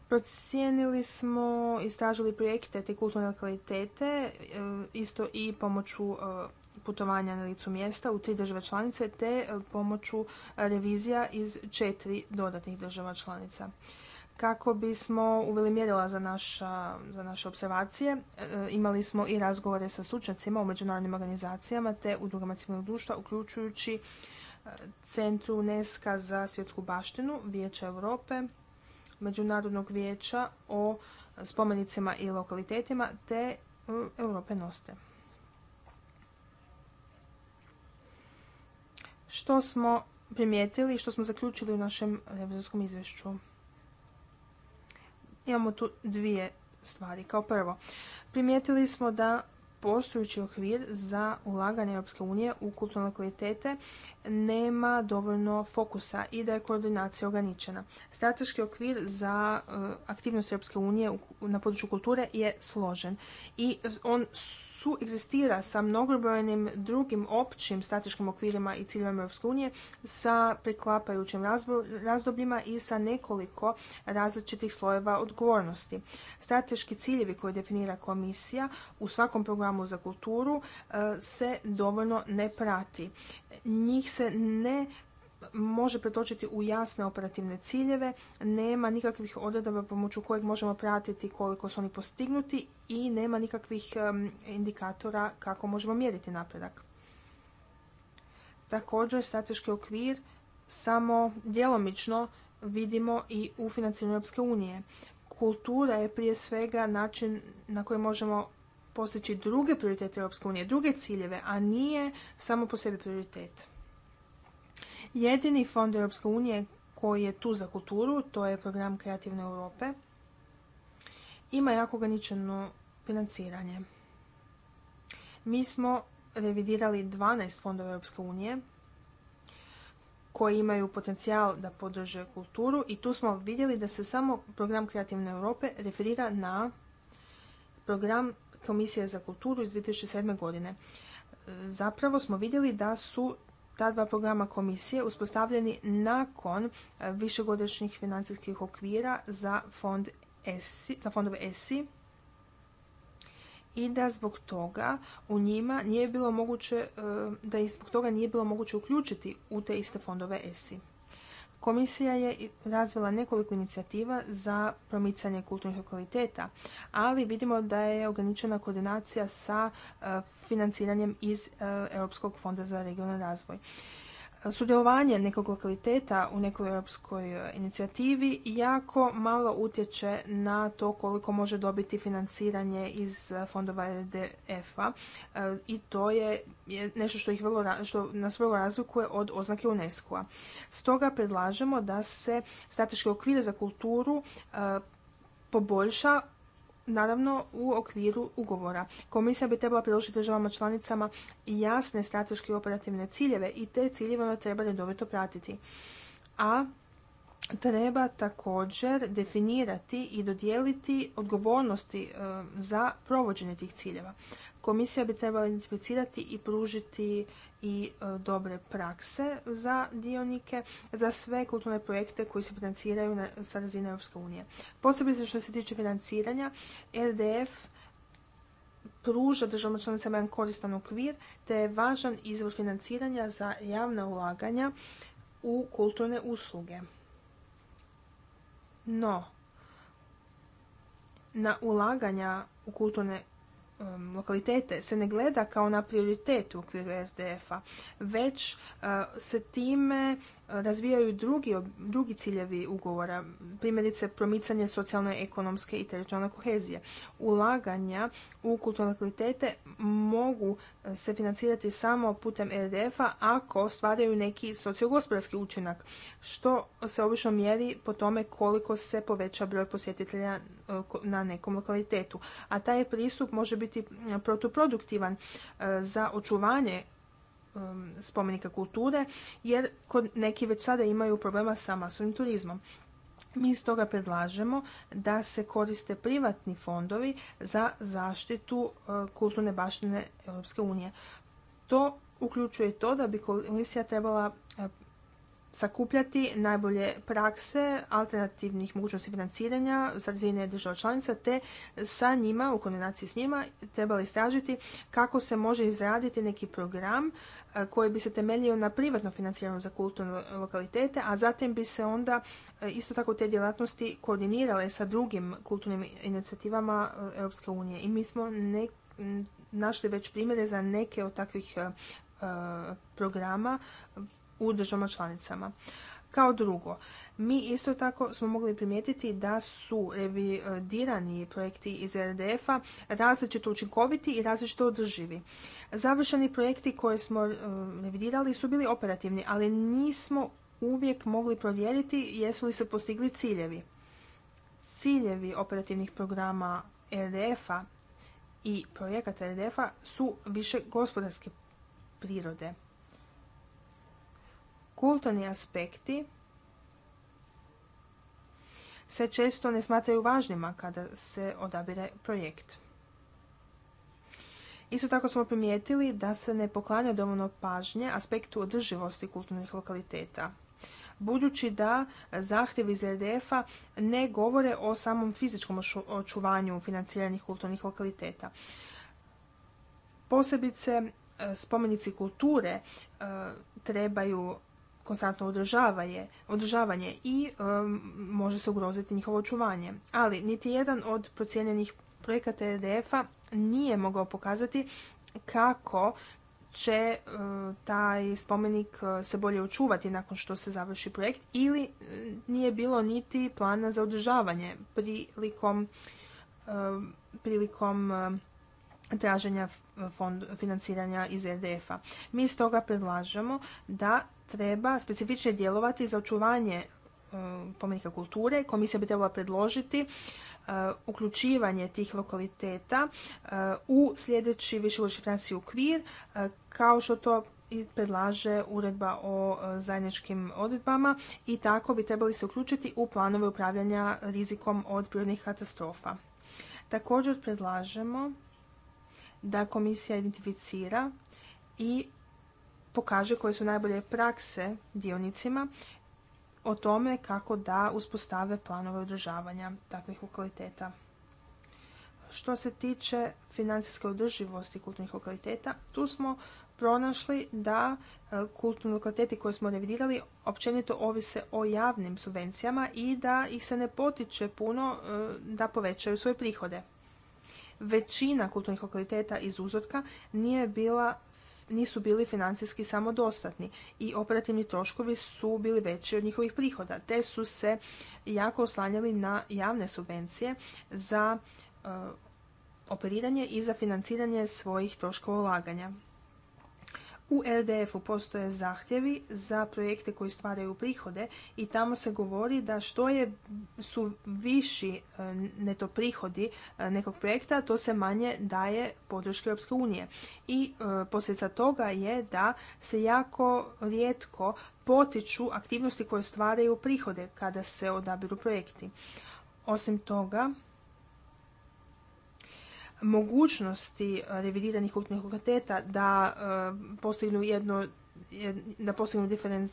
Procijenili smo, istražili projekte te kulturne lokalitete, e, isto i pomoću e, putovanja na licu mjesta u tri države članice te e, pomoću e, revizija iz četiri dodatnih država članica. Kako bismo uveli mjerila za, naša, za naše observacije, e, imali smo i razgovore sa stručnjacima u međunarodnim organizacijama te udrugama civilnog društva, uključujući Centru UNESCO za svjetsku baštinu, Vijeća Europe, Međunarodnog vijeća o spomenicima i lokalitetima te Europe noste. što smo primijetili i što smo zaključili u našem revizorskom izvješću. Imamo tu dvije stvari. Kao prvo, primijetili smo da postojući okvir za ulaganje Europske unije u kulturne kvalitete nema dovoljno fokusa i da je koordinacija ograničena. Strateški okvir za e, aktivnost Europske unije na području kulture je složen i on suegzistira sa mnogobrojnim drugim općim strateškim okvirima i ciljevima EU, sa preklapajućim razdobljima i sa nekoliko različitih slojeva odgovornosti. Strateški ciljevi koje definira komisija u svakom programu za kulturu e, se dovoljno ne prati. Njih se ne može pretočiti u jasne operativne ciljeve, nema nikakvih odredaba pomoću kojeg možemo pratiti koliko su oni postignuti i nema nikakvih indikatora kako možemo mjeriti napredak. Također, strateški okvir samo djelomično vidimo i u financiranju Europske unije. Kultura je prije svega način na koji možemo postići druge prioritete Europske unije, druge ciljeve, a nije samo po sebi prioritet. Jedini fond Europske unije koji je tu za kulturu, to je program Kreativne Europe, ima jako ograničeno financiranje. Mi smo revidirali 12 fondova Europske unije koji imaju potencijal da podrže kulturu i tu smo vidjeli da se samo program Kreativne Europe referira na program Komisije za kulturu iz 2007. godine. Zapravo smo vidjeli da su ta dva programa komisije uspostavljeni nakon e, višegodišnjih financijskih okvira za, fond za fondove ESI i da zbog toga u njima nije bilo moguće, e, da i zbog toga nije bilo moguće uključiti u te iste fondove ESI. Komisija je razvila nekoliko inicijativa za promicanje kulturnih kvaliteta, ali vidimo da je ograničena koordinacija sa e, financiranjem iz e, Europskog fonda za regionalni razvoj sudjelovanje nekog lokaliteta u nekoj europskoj e, inicijativi jako malo utječe na to koliko može dobiti financiranje iz e, fondova RDF-a e, i to je nešto što, ih vrlo, što nas vrlo razlikuje od oznake UNESCO-a. Stoga predlažemo da se strateški okvir za kulturu poboljša naravno u okviru ugovora. Komisija bi trebala priložiti državama članicama jasne strateške operativne ciljeve i te ciljeve ona treba redovito pratiti. A treba također definirati i dodijeliti odgovornosti e, za provođenje tih ciljeva. Komisija bi trebala identificirati i pružiti i e, dobre prakse za dionike, za sve kulturne projekte koji se financiraju sa razine Europske unije. Posebno što se tiče financiranja, RDF pruža državama članicama jedan koristan okvir, te je važan izvor financiranja za javna ulaganja u kulturne usluge. No, na ulaganja u kulturne lokalitete se ne gleda kao na prioritet u okviru sdf a već eh, se time razvijaju drugi, drugi ciljevi ugovora, primjerice promicanje socijalne, ekonomske i teritorijalne kohezije. Ulaganja u kulturne kvalitete mogu e, se financirati samo putem RDF-a ako stvaraju neki sociogospodarski učinak, što se obično mjeri po tome koliko se poveća broj posjetitelja e, na nekom lokalitetu. A taj pristup može biti protuproduktivan e, za očuvanje Um, spomenika kulture, jer kod neki već sada imaju problema sa masovnim turizmom. Mi toga predlažemo da se koriste privatni fondovi za zaštitu uh, kulturne baštine Europske unije. To uključuje to da bi komisija trebala uh, sakupljati najbolje prakse alternativnih mogućnosti financiranja sa razine država članica te sa njima, u koordinaciji s njima, trebali istražiti kako se može izraditi neki program e, koji bi se temeljio na privatno financiranju za kulturne lokalitete, a zatim bi se onda e, isto tako te djelatnosti koordinirale sa drugim kulturnim inicijativama e, Europske unije. I mi smo ne, našli već primjere za neke od takvih programa u državama članicama. Kao drugo, mi isto tako smo mogli primijetiti da su revidirani projekti iz RDF-a različito učinkoviti i različito održivi. Završeni projekti koje smo e, revidirali su bili operativni, ali nismo uvijek mogli provjeriti jesu li se postigli ciljevi. Ciljevi operativnih programa RDF-a i projekata RDF-a su više gospodarske prirode kulturni aspekti se često ne smatraju važnima kada se odabire projekt. Isto tako smo primijetili da se ne poklanja dovoljno pažnje aspektu održivosti kulturnih lokaliteta. Budući da zahtjevi iz RDF-a ne govore o samom fizičkom očuvanju financiranih kulturnih lokaliteta. Posebice e, spomenici kulture e, trebaju konstantno održavanje i e, može se ugroziti njihovo očuvanje. Ali niti jedan od procijenjenih projekata EDF-a nije mogao pokazati kako će e, taj spomenik e, se bolje očuvati nakon što se završi projekt ili nije bilo niti plana za održavanje prilikom, prilikom traženja fond, financiranja iz EDF-a. Mi stoga predlažemo da treba specifično djelovati za očuvanje e, pomenika kulture. Komisija bi trebala predložiti e, uključivanje tih lokaliteta e, u sljedeći višegodišnji financijski okvir kao što to i predlaže uredba o zajedničkim odredbama i tako bi trebali se uključiti u planove upravljanja rizikom od prirodnih katastrofa. Također predlažemo da komisija identificira i pokaže koje su najbolje prakse dionicima o tome kako da uspostave planove održavanja takvih lokaliteta. Što se tiče financijske održivosti kulturnih lokaliteta, tu smo pronašli da e, kulturni lokaliteti koje smo revidirali općenito ovise o javnim subvencijama i da ih se ne potiče puno e, da povećaju svoje prihode. Većina kulturnih lokaliteta iz uzorka nije bila nisu bili financijski samodostatni i operativni troškovi su bili veći od njihovih prihoda, te su se jako oslanjali na javne subvencije za e, operiranje i za financiranje svojih troškova ulaganja. U ldf u postoje zahtjevi za projekte koji stvaraju prihode i tamo se govori da što je, su viši e, neto prihodi e, nekog projekta, to se manje daje podrške Europske unije. I e, posljedica toga je da se jako rijetko potiču aktivnosti koje stvaraju prihode kada se odabiru projekti. Osim toga, mogućnosti eh, revidiranih kulturnih lokaliteta da eh, postignu jedno da postignu eh,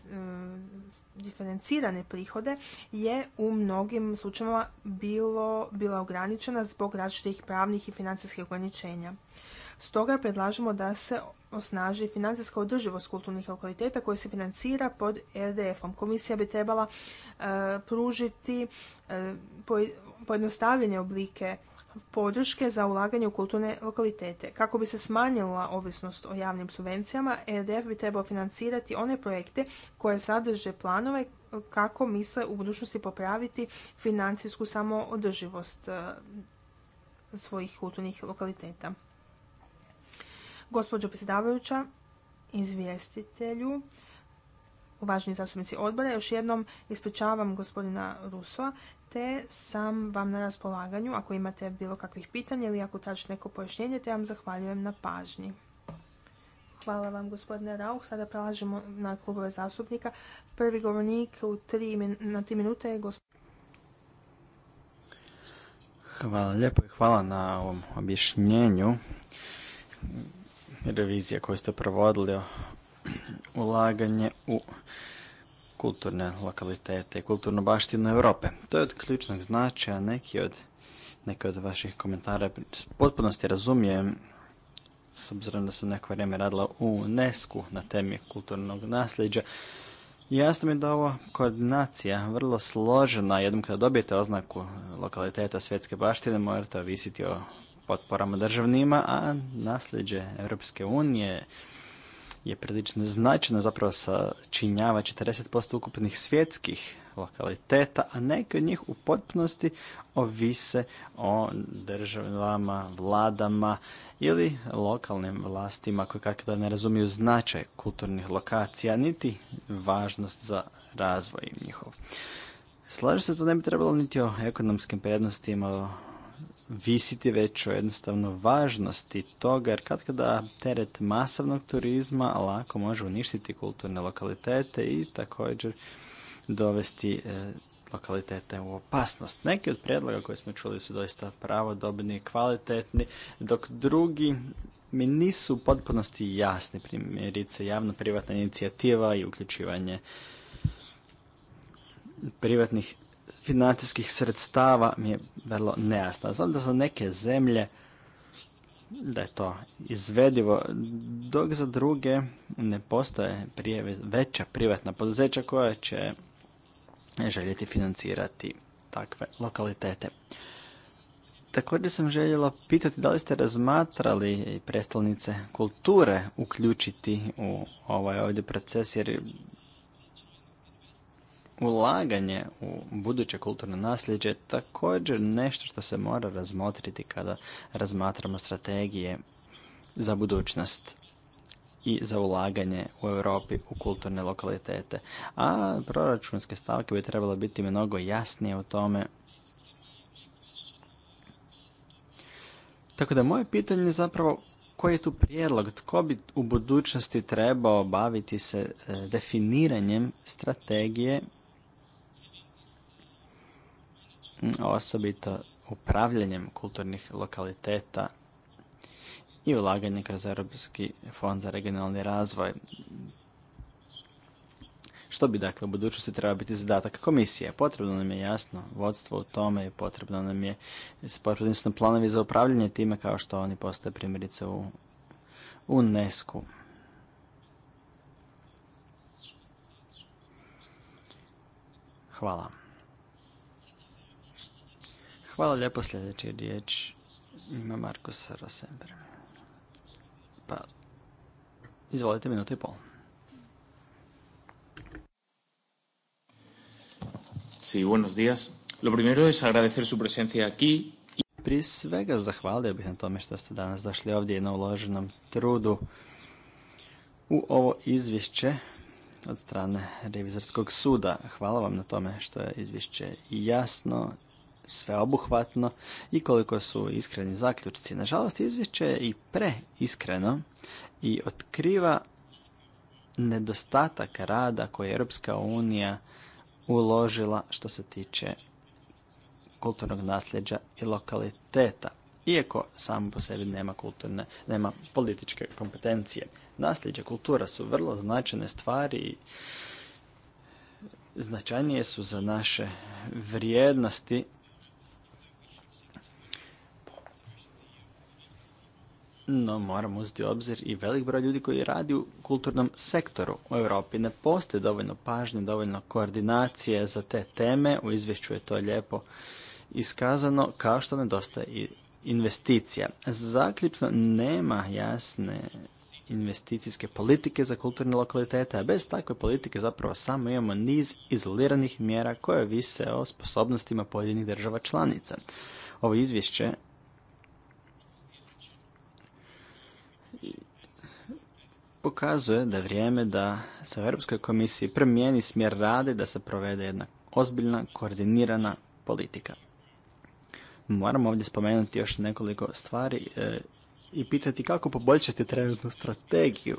diferencirane prihode je u mnogim slučajevima bilo, bila ograničena zbog različitih pravnih i financijskih ograničenja. Stoga predlažemo da se osnaži financijska održivost kulturnih lokaliteta koji se financira pod RDF-om. Komisija bi trebala pružiti pojednostavljene oblike podrške za ulaganje u kulturne lokalitete. Kako bi se smanjila ovisnost o javnim subvencijama, EDF bi trebao financirati one projekte koje sadrže planove kako misle u budućnosti popraviti financijsku samoodrživost e, svojih kulturnih lokaliteta. Gospođo predsjedavajuća, izvjestitelju, uvaženi zastupnici odbora. Još jednom ispričavam gospodina Rusova, te sam vam na raspolaganju ako imate bilo kakvih pitanja ili ako tražite neko pojašnjenje, te vam zahvaljujem na pažnji. Hvala vam gospodine Rauh. Sada prelažemo na klubove zastupnika. Prvi govornik u tri, na tri minute je gospodin. Hvala lijepo i hvala na ovom objašnjenju revizije koju ste provodili ulaganje u kulturne lokalitete i kulturnu baštinu Europe. To je od ključnog značaja, neki od, neki od vaših komentara potpunosti razumijem, s obzirom da sam neko vrijeme radila u UNESCO na temi kulturnog nasljeđa. Jasno mi je da ovo koordinacija vrlo složena, jednom kada dobijete oznaku lokaliteta svjetske baštine morate ovisiti o potporama državnima, a nasljeđe Europske unije, je prilično značajno zapravo sačinjava 40% ukupnih svjetskih lokaliteta, a neki od njih u potpunosti ovise o državama, vladama ili lokalnim vlastima koji kakve ne razumiju značaj kulturnih lokacija, niti važnost za razvoj njihov. Slažem se, to ne bi trebalo niti o ekonomskim prednostima, visiti već o jednostavno važnosti toga, jer kad kada teret masovnog turizma lako može uništiti kulturne lokalitete i također dovesti e, lokalitete u opasnost. Neki od predloga koje smo čuli su doista pravodobni i kvalitetni, dok drugi mi nisu u potpunosti jasni, primjerice javno-privatna inicijativa i uključivanje privatnih financijskih sredstava mi je vrlo nejasna. Znam da za neke zemlje da je to izvedivo, dok za druge ne postoje prije veća privatna poduzeća koja će željeti financirati takve lokalitete. Također sam željela pitati da li ste razmatrali predstavnice kulture uključiti u ovaj ovdje proces jer ulaganje u buduće kulturno nasljeđe je također nešto što se mora razmotriti kada razmatramo strategije za budućnost i za ulaganje u Europi u kulturne lokalitete. A proračunske stavke bi trebalo biti mnogo jasnije u tome. Tako da moje pitanje je zapravo koji je tu prijedlog, tko bi u budućnosti trebao baviti se e, definiranjem strategije osobito upravljanjem kulturnih lokaliteta i ulaganje kroz Europski fond za regionalni razvoj. Što bi dakle u budućnosti treba biti zadatak komisije? Potrebno nam je jasno vodstvo u tome i potrebno nam je potrebno su planovi za upravljanje time kao što oni postoje primjerice u UNESCO. Hvala. Hvala lijepo sljedeći riječ. Ima Markus Rosenberg. Pa, izvolite minutu i pol. Sí, buenos días. Lo primero es agradecer su presencia aquí. Prije svega zahvalio bih na tome što ste danas došli ovdje na uloženom trudu u ovo izvješće od strane Revizorskog suda. Hvala vam na tome što je izvješće jasno sveobuhvatno i koliko su iskreni zaključci. Nažalost, izvješće je i preiskreno i otkriva nedostatak rada koji je Europska unija uložila što se tiče kulturnog nasljeđa i lokaliteta. Iako samo po sebi nema kulturne, nema političke kompetencije. Nasljeđa kultura su vrlo značajne stvari i značajnije su za naše vrijednosti no moramo uzeti u obzir i velik broj ljudi koji radi u kulturnom sektoru u Europi. Ne postoji dovoljno pažnje, dovoljno koordinacije za te teme, u izvješću je to lijepo iskazano, kao što nedostaje i investicija. Zaključno, nema jasne investicijske politike za kulturne lokalitete, a bez takve politike zapravo samo imamo niz izoliranih mjera koje vise o sposobnostima pojedinih država članica. Ovo izvješće pokazuje da je vrijeme da se u Europskoj komisiji promijeni smjer rada da se provede jedna ozbiljna, koordinirana politika. Moramo ovdje spomenuti još nekoliko stvari e, i pitati kako poboljšati trenutnu strategiju.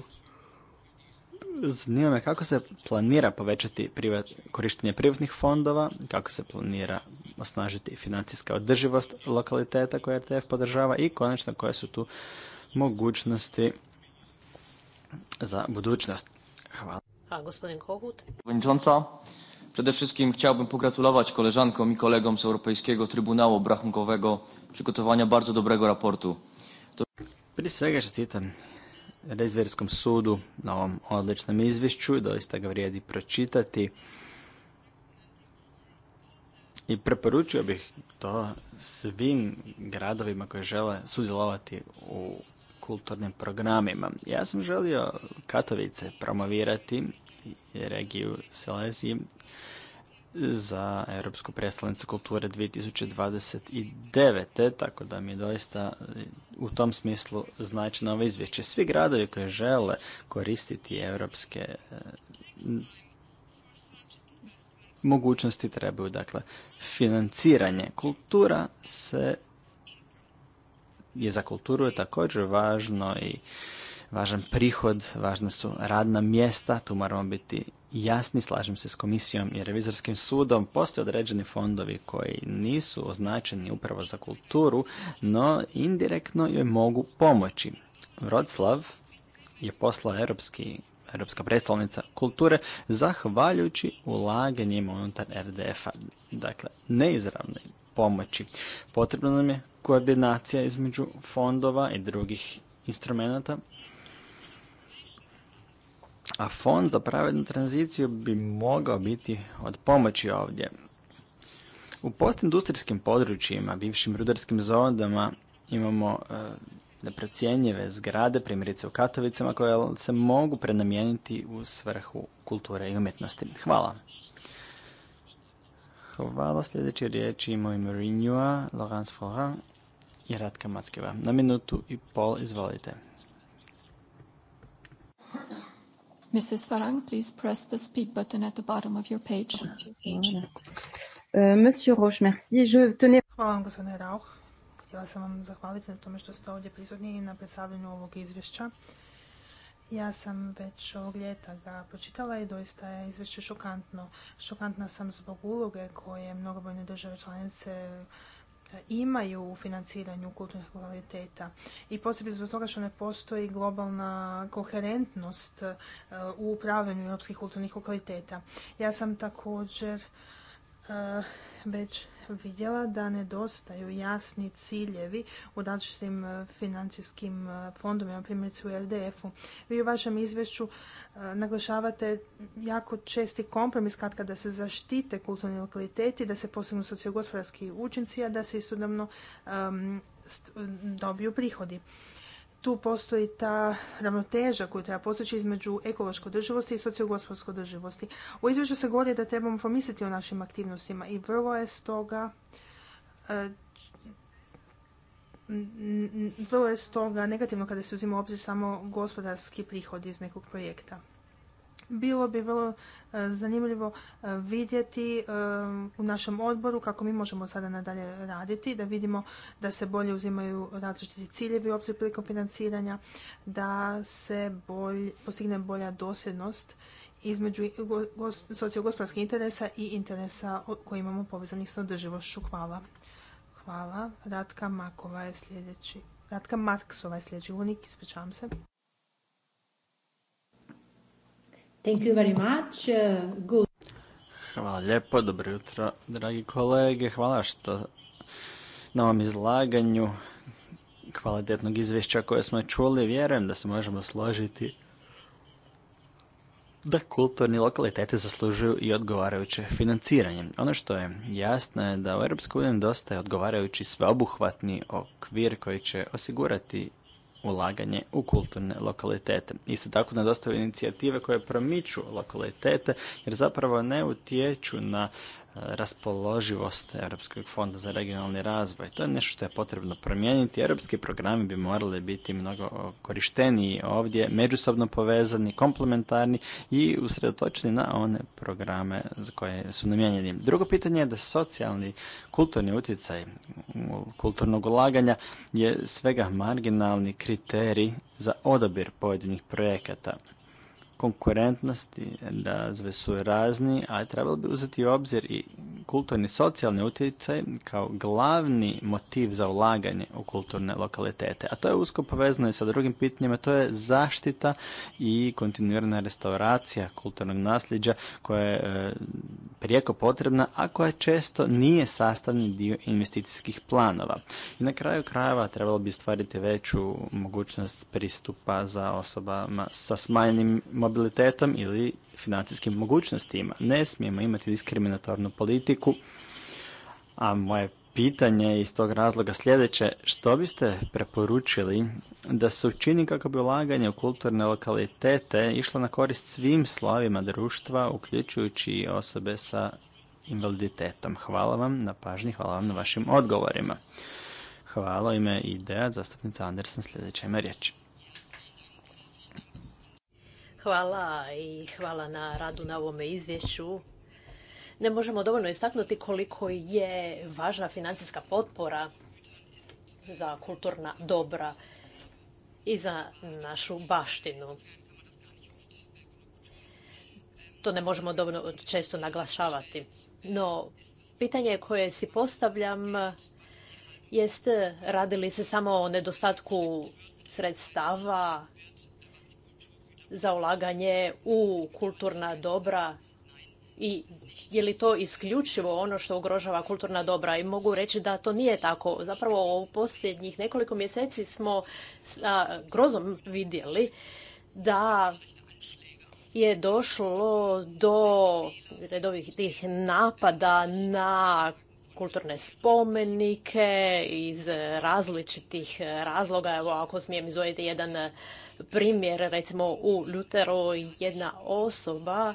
Zanima me kako se planira povećati privat, korištenje privatnih fondova, kako se planira osnažiti financijska održivost lokaliteta koje RTF podržava i konačno koje su tu mogućnosti za budućnost. Hvala. A gospodin Kohut. Przewodnicząca, przede wszystkim chciałbym pogratulować koleżankom i kolegom z Europejskiego Trybunału Obrachunkowego przygotowania bardzo dobrego raportu. To... Prije svega čestitam Rezverskom sudu na ovom odličnom izvješću i doista ga vrijedi pročitati. I preporučio bih to svim gradovima koji žele sudjelovati u kulturnim programima. Ja sam želio Katovice promovirati regiju Silesije za Europsku predstavnicu kulture 2029. Tako da mi doista u tom smislu značajno ovo izvješće. Svi gradovi koji žele koristiti europske e, mogućnosti trebaju dakle financiranje. Kultura se je za kulturu je također važno i važan prihod, važna su radna mjesta, tu moramo biti jasni, slažem se s komisijom i revizorskim sudom, postoje određeni fondovi koji nisu označeni upravo za kulturu, no indirektno joj mogu pomoći. Vroclav je poslao Europska predstavnica kulture, zahvaljujući ulaganjima unutar RDF-a. Dakle, neizravno pomoći. Potrebna nam je koordinacija između fondova i drugih instrumenata. A fond za pravednu tranziciju bi mogao biti od pomoći ovdje. U postindustrijskim područjima, bivšim rudarskim zonama, imamo e, zgrade, primjerice u Katovicama, koje se mogu prenamijeniti u svrhu kulture i umjetnosti. Hvala. Hvala sljedeći riječ imamo Mourinhoa, Laurence Foran i Ratka Mackeva. Na minutu i pol izvolite. Mrs. Farang, please press Hvala vam, gospodine Rauch. Htjela sam vam zahvaliti na tome što ste ovdje prisutni i na predstavljanju ovog izvješća. Ja sam već ovog ljeta ga pročitala i doista je izvješće šokantno. Šokantna sam zbog uloge koje mnogobojne države članice e, imaju u financiranju kulturnih kvaliteta i posebno zbog toga što ne postoji globalna koherentnost e, u upravljanju europskih kulturnih kvaliteta. Ja sam također Eh, već vidjela da nedostaju jasni ciljevi u različitim eh, financijskim eh, fondovima, primjerice u RDF-u. Vi u vašem izvješću naglašavate jako česti kompromis kad da se zaštite kulturni lokaliteti, da se posebno sociogospodarski učinci, a da se istodobno dobiju prihodi tu postoji ta ravnoteža koju treba postići između ekološko održivosti i sociogospodarske održivosti. U izvješću se govori da trebamo pomisliti o našim aktivnostima i vrlo je stoga e, vrlo je stoga negativno kada se uzima u obzir samo gospodarski prihod iz nekog projekta. Bilo bi vrlo e, zanimljivo e, vidjeti e, u našem odboru kako mi možemo sada nadalje raditi, da vidimo da se bolje uzimaju različiti ciljevi u obzir prilikom financiranja, da se bolj, postigne bolja dosljednost između sociogospodarskih interesa i interesa koje imamo povezanih s održivošću. Hvala. Hvala. Ratka Makova je sljedeći. Ratka Marksova je sljedeći unik, ispričavam se. Thank you very much. Uh, Hvala lijepo, dobro jutro, dragi kolege. Hvala što na ovom izlaganju kvalitetnog izvješća koje smo čuli. Vjerujem da se možemo složiti da kulturni lokalitete zaslužuju i odgovarajuće financiranje. Ono što je jasno je da u dosta dostaje odgovarajući sveobuhvatni okvir koji će osigurati ulaganje u kulturne lokalitete. Isto tako nadostaju inicijative koje promiču lokalitete jer zapravo ne utječu na raspoloživost Europskog fonda za regionalni razvoj. To je nešto što je potrebno promijeniti. Europski programi bi morali biti mnogo korišteniji ovdje, međusobno povezani, komplementarni i usredotočeni na one programe za koje su namijenjeni. Drugo pitanje je da socijalni kulturni utjecaj kulturnog ulaganja je svega marginalni kriterij za odabir pojedinih projekata konkurentnosti razve su razni, a trebalo bi uzeti u obzir i kulturni socijalni utjecaj kao glavni motiv za ulaganje u kulturne lokalitete. A to je usko povezano i sa drugim pitanjima, to je zaštita i kontinuirana restauracija kulturnog nasljeđa koja je e, prijeko potrebna, a koja često nije sastavni dio investicijskih planova. I na kraju krajeva trebalo bi stvariti veću mogućnost pristupa za osobama sa smanjenim mobilitetom ili financijskim mogućnostima. Ne smijemo imati diskriminatornu politiku, a moje pitanje iz tog razloga sljedeće. Što biste preporučili da se učini kako bi ulaganje u kulturne lokalitete išlo na korist svim slovima društva, uključujući i osobe sa invaliditetom? Hvala vam na pažnji, hvala vam na vašim odgovorima. Hvala ime ideja, zastupnica Andersen, sljedeća ima riječ. Hvala i hvala na radu na ovome izvješću. Ne možemo dovoljno istaknuti koliko je važna financijska potpora za kulturna dobra i za našu baštinu. To ne možemo dovoljno često naglašavati. No, pitanje koje si postavljam jest radili se samo o nedostatku sredstava za ulaganje u kulturna dobra i je li to isključivo ono što ugrožava kulturna dobra i mogu reći da to nije tako. Zapravo u posljednjih nekoliko mjeseci smo sa grozom vidjeli da je došlo do redovih tih napada na kulturne spomenike iz različitih razloga. Evo, ako smijem izvojiti jedan primjer, recimo u Lutero jedna osoba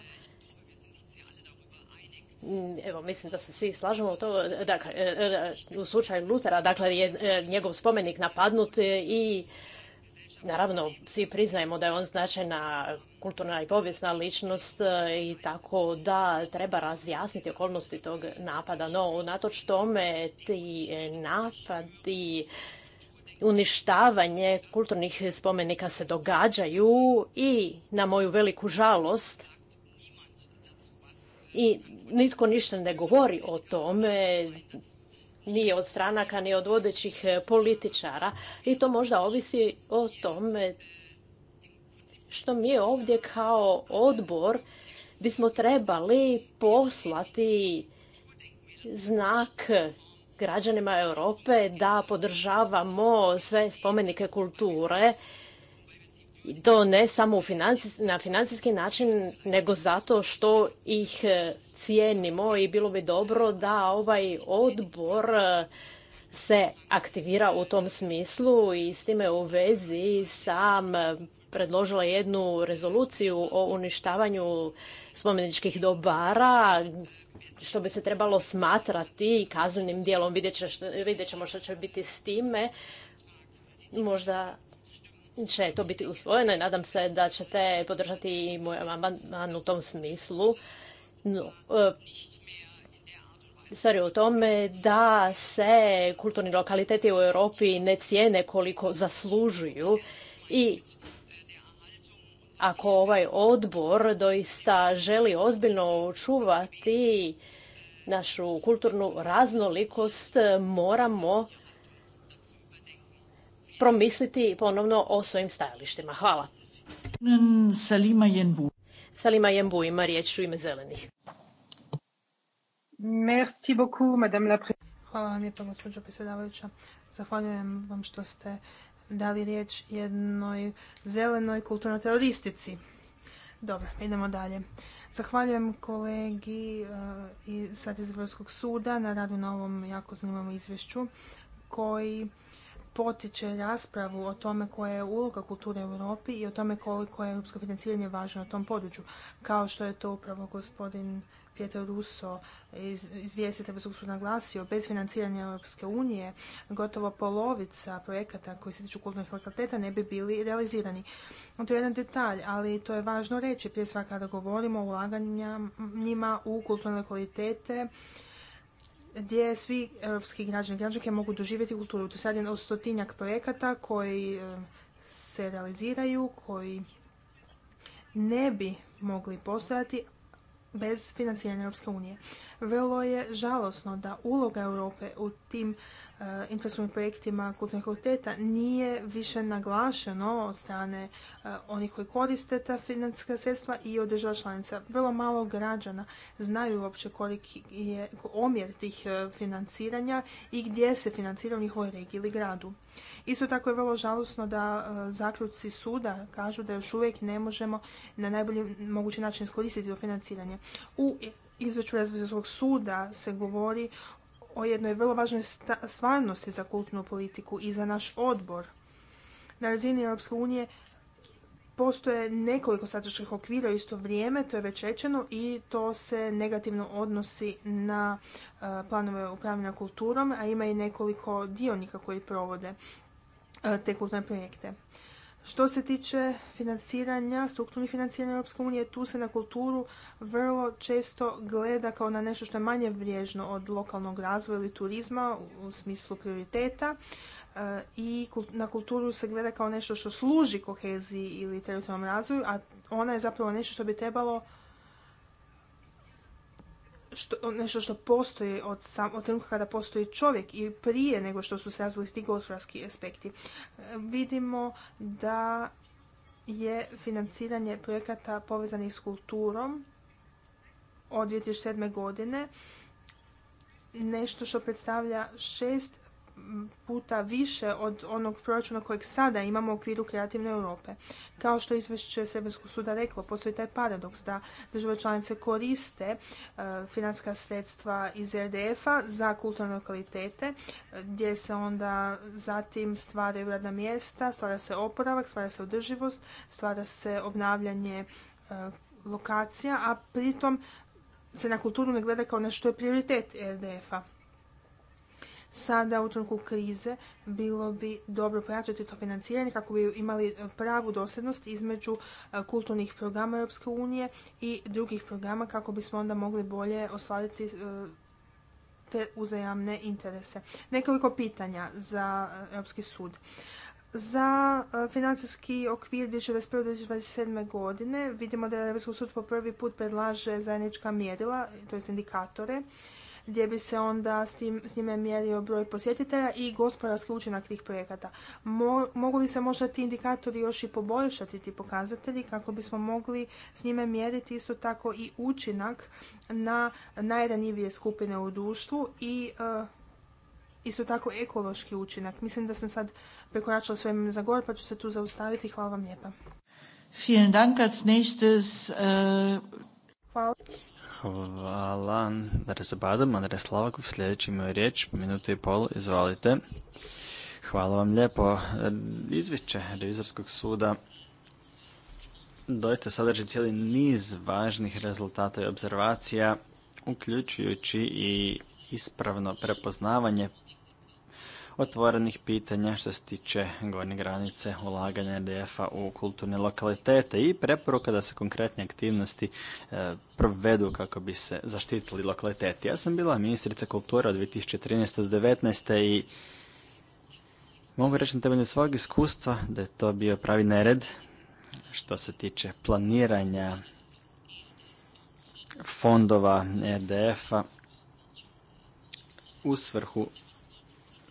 mm, Evo, mislim da se svi slažemo u to. Dakle, e, e, u slučaju Lutera, dakle, je e, njegov spomenik napadnut i naravno svi priznajemo da je on značajna kulturna i povijesna ličnost i tako da treba razjasniti okolnosti tog napada. No, unatoč tome ti napadi uništavanje kulturnih spomenika se događaju i na moju veliku žalost i nitko ništa ne govori o tome, ni od stranaka, ni od vodećih e, političara i to možda ovisi o tome što mi ovdje kao odbor bismo trebali poslati znak građanima Europe da podržavamo sve spomenike kulture i to ne samo na financijski način, nego zato što ih e, cijenimo i bilo bi dobro da ovaj odbor e, se aktivira u tom smislu i s time u vezi sam e, predložila jednu rezoluciju o uništavanju spomeničkih dobara što bi se trebalo smatrati kaznenim dijelom. Vidjet ćemo što će biti s time. Možda će to biti usvojeno i nadam se da ćete podržati i moj amandman u tom smislu. No, Stvar je u tome da se kulturni lokaliteti u Europi ne cijene koliko zaslužuju i ako ovaj odbor doista želi ozbiljno očuvati našu kulturnu raznolikost, moramo promisliti ponovno o svojim stajalištima. Hvala. Salima Jenbu. Salima Jenbu ima riječ u ime zelenih. Merci beaucoup, madame la Hvala vam lijepa, gospođo predsjedavajuća. Zahvaljujem vam što ste da li riječ jednoj zelenoj kulturnoj teroristici Dobro, idemo dalje. Zahvaljujem kolegi eh, iz Satizvorskog suda na radu na ovom jako zanimljivom izvješću koji potiče raspravu o tome koja je uloga kulture u Europi i o tome koliko je europsko financiranje važno na tom području, kao što je to upravo gospodin Pietro Russo, iz, izvijestite visokog suda naglasio, bez financiranja Europske unije gotovo polovica projekata koji se tiču kulturnih lokaliteta ne bi bili realizirani. To je jedan detalj, ali to je važno reći prije svaka kada govorimo o ulaganjima u kulturne lokalitete gdje svi europski građani i građanke mogu doživjeti kulturu. je sad od stotinjak projekata koji se realiziraju, koji ne bi mogli postojati bez financiranja Europske unije. Vrlo je žalosno da uloga Europe u tim e, infrastrukturnim projektima kulturnih kvaliteta nije više naglašeno od strane e, onih koji koriste ta financijska sredstva i od država članica. Vrlo malo građana znaju uopće koliki je omjer tih e, financiranja i gdje se financira u njihovoj regiji ili gradu. Isto tako je vrlo žalosno da zaključci suda kažu da još uvijek ne možemo na najbolji mogući način iskoristiti to financiranje. U izveću Revizorskog suda se govori o jednoj vrlo važnoj stvarnosti za kulturnu politiku i za naš odbor. Na razini Europske unije postoje nekoliko strateških okvira u isto vrijeme, to je već rečeno, i to se negativno odnosi na e, planove upravljanja kulturom, a ima i nekoliko dionika koji provode e, te kulturne projekte. Što se tiče financiranja, strukturnih financiranja Europske unije, tu se na kulturu vrlo često gleda kao na nešto što je manje vriježno od lokalnog razvoja ili turizma u smislu prioriteta e, i na kulturu se gleda kao nešto što služi koheziji ili teritorijalnom razvoju, a ona je zapravo nešto što bi trebalo nešto što postoji od, sam, od trenutka kada postoji čovjek i prije nego što su se razvili ti gospodarski aspekti. E, vidimo da je financiranje projekata povezanih s kulturom od 2007. godine nešto što predstavlja šest puta više od onog proračuna kojeg sada imamo u okviru kreativne Europe. Kao što je izvješće Srebrskog suda reklo, postoji taj paradoks da države članice koriste e, finanska sredstva iz RDF-a za kulturne lokalitete, e, gdje se onda zatim stvaraju radna mjesta, stvara se oporavak, stvara se održivost, stvara se obnavljanje e, lokacija, a pritom se na kulturu ne gleda kao nešto je prioritet RDF-a sada u trenutku krize bilo bi dobro pojačati to financiranje kako bi imali e, pravu dosljednost između e, kulturnih programa Europske unije i drugih programa kako bismo onda mogli bolje osladiti e, te uzajamne interese. Nekoliko pitanja za Europski sud. Za financijski okvir 2021-2027. godine vidimo da Europski sud po prvi put predlaže zajednička mjerila, to jest indikatore gdje bi se onda s, tim, s njime mjerio broj posjetitelja i gospodarski učinak tih projekata. mogu li se možda ti indikatori još i poboljšati, ti pokazatelji, kako bismo mogli s njime mjeriti isto tako i učinak na najranjivije skupine u društvu i eh, isto tako ekološki učinak. Mislim da sam sad prekoračila svojim za gore, pa ću se tu zaustaviti. Hvala vam lijepa. Vielen Dank als nächstes. Eh, Hvala. Hvala Andres Badam, Andres Slavakov, sljedeći imaju riječ, minutu i pol, izvalite. Hvala vam lijepo. Izvješće Revizorskog suda doista sadrži cijeli niz važnih rezultata i observacija, uključujući i ispravno prepoznavanje otvorenih pitanja što se tiče gornje granice ulaganja RDF-a u kulturne lokalitete i preporuka da se konkretne aktivnosti e, provedu kako bi se zaštitili lokaliteti. Ja sam bila ministrica kulture od 2013. do 2019. i mogu reći na temelju svog iskustva da je to bio pravi nered što se tiče planiranja fondova RDF-a u svrhu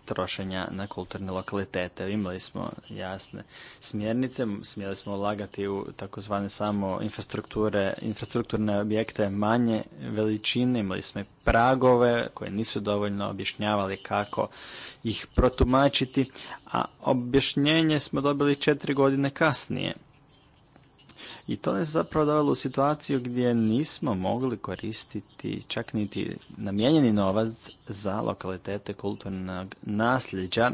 trošenja na kulturne lokalitete. Imali smo jasne smjernice, smjeli smo ulagati u takozvane samo infrastrukture, infrastrukturne objekte manje veličine, imali smo i pragove koje nisu dovoljno objašnjavali kako ih protumačiti, a objašnjenje smo dobili četiri godine kasnije. I to je zapravo dovelo u situaciju gdje nismo mogli koristiti čak niti namijenjeni novac za lokalitete kulturnog nasljeđa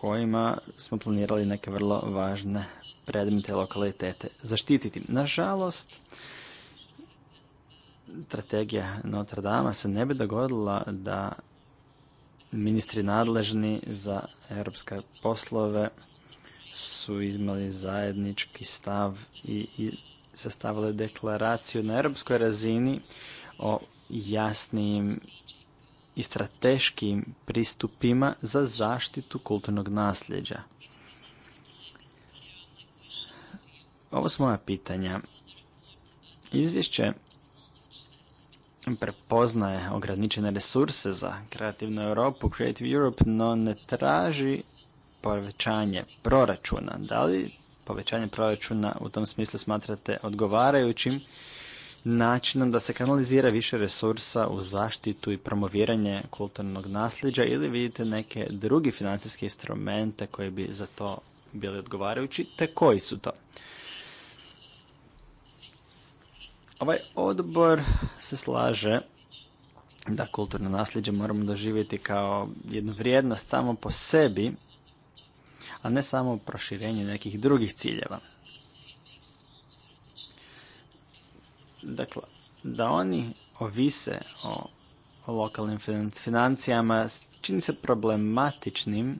kojima smo planirali neke vrlo važne predmete lokalitete zaštititi. Nažalost, strategija Notre Dame se ne bi dogodila da ministri nadležni za europske poslove su imali zajednički stav i, sastavili deklaraciju na europskoj razini o jasnim i strateškim pristupima za zaštitu kulturnog nasljeđa. Ovo su moja pitanja. Izvješće prepoznaje ograničene resurse za kreativnu Europu, Creative Europe, no ne traži povećanje proračuna. Da li povećanje proračuna u tom smislu smatrate odgovarajućim načinom da se kanalizira više resursa u zaštitu i promoviranje kulturnog nasljeđa ili vidite neke drugi financijske instrumente koji bi za to bili odgovarajući, te koji su to? Ovaj odbor se slaže da kulturno nasljeđe moramo doživjeti kao jednu vrijednost samo po sebi, a ne samo proširenje nekih drugih ciljeva. Dakle, da oni ovise o lokalnim financijama čini se problematičnim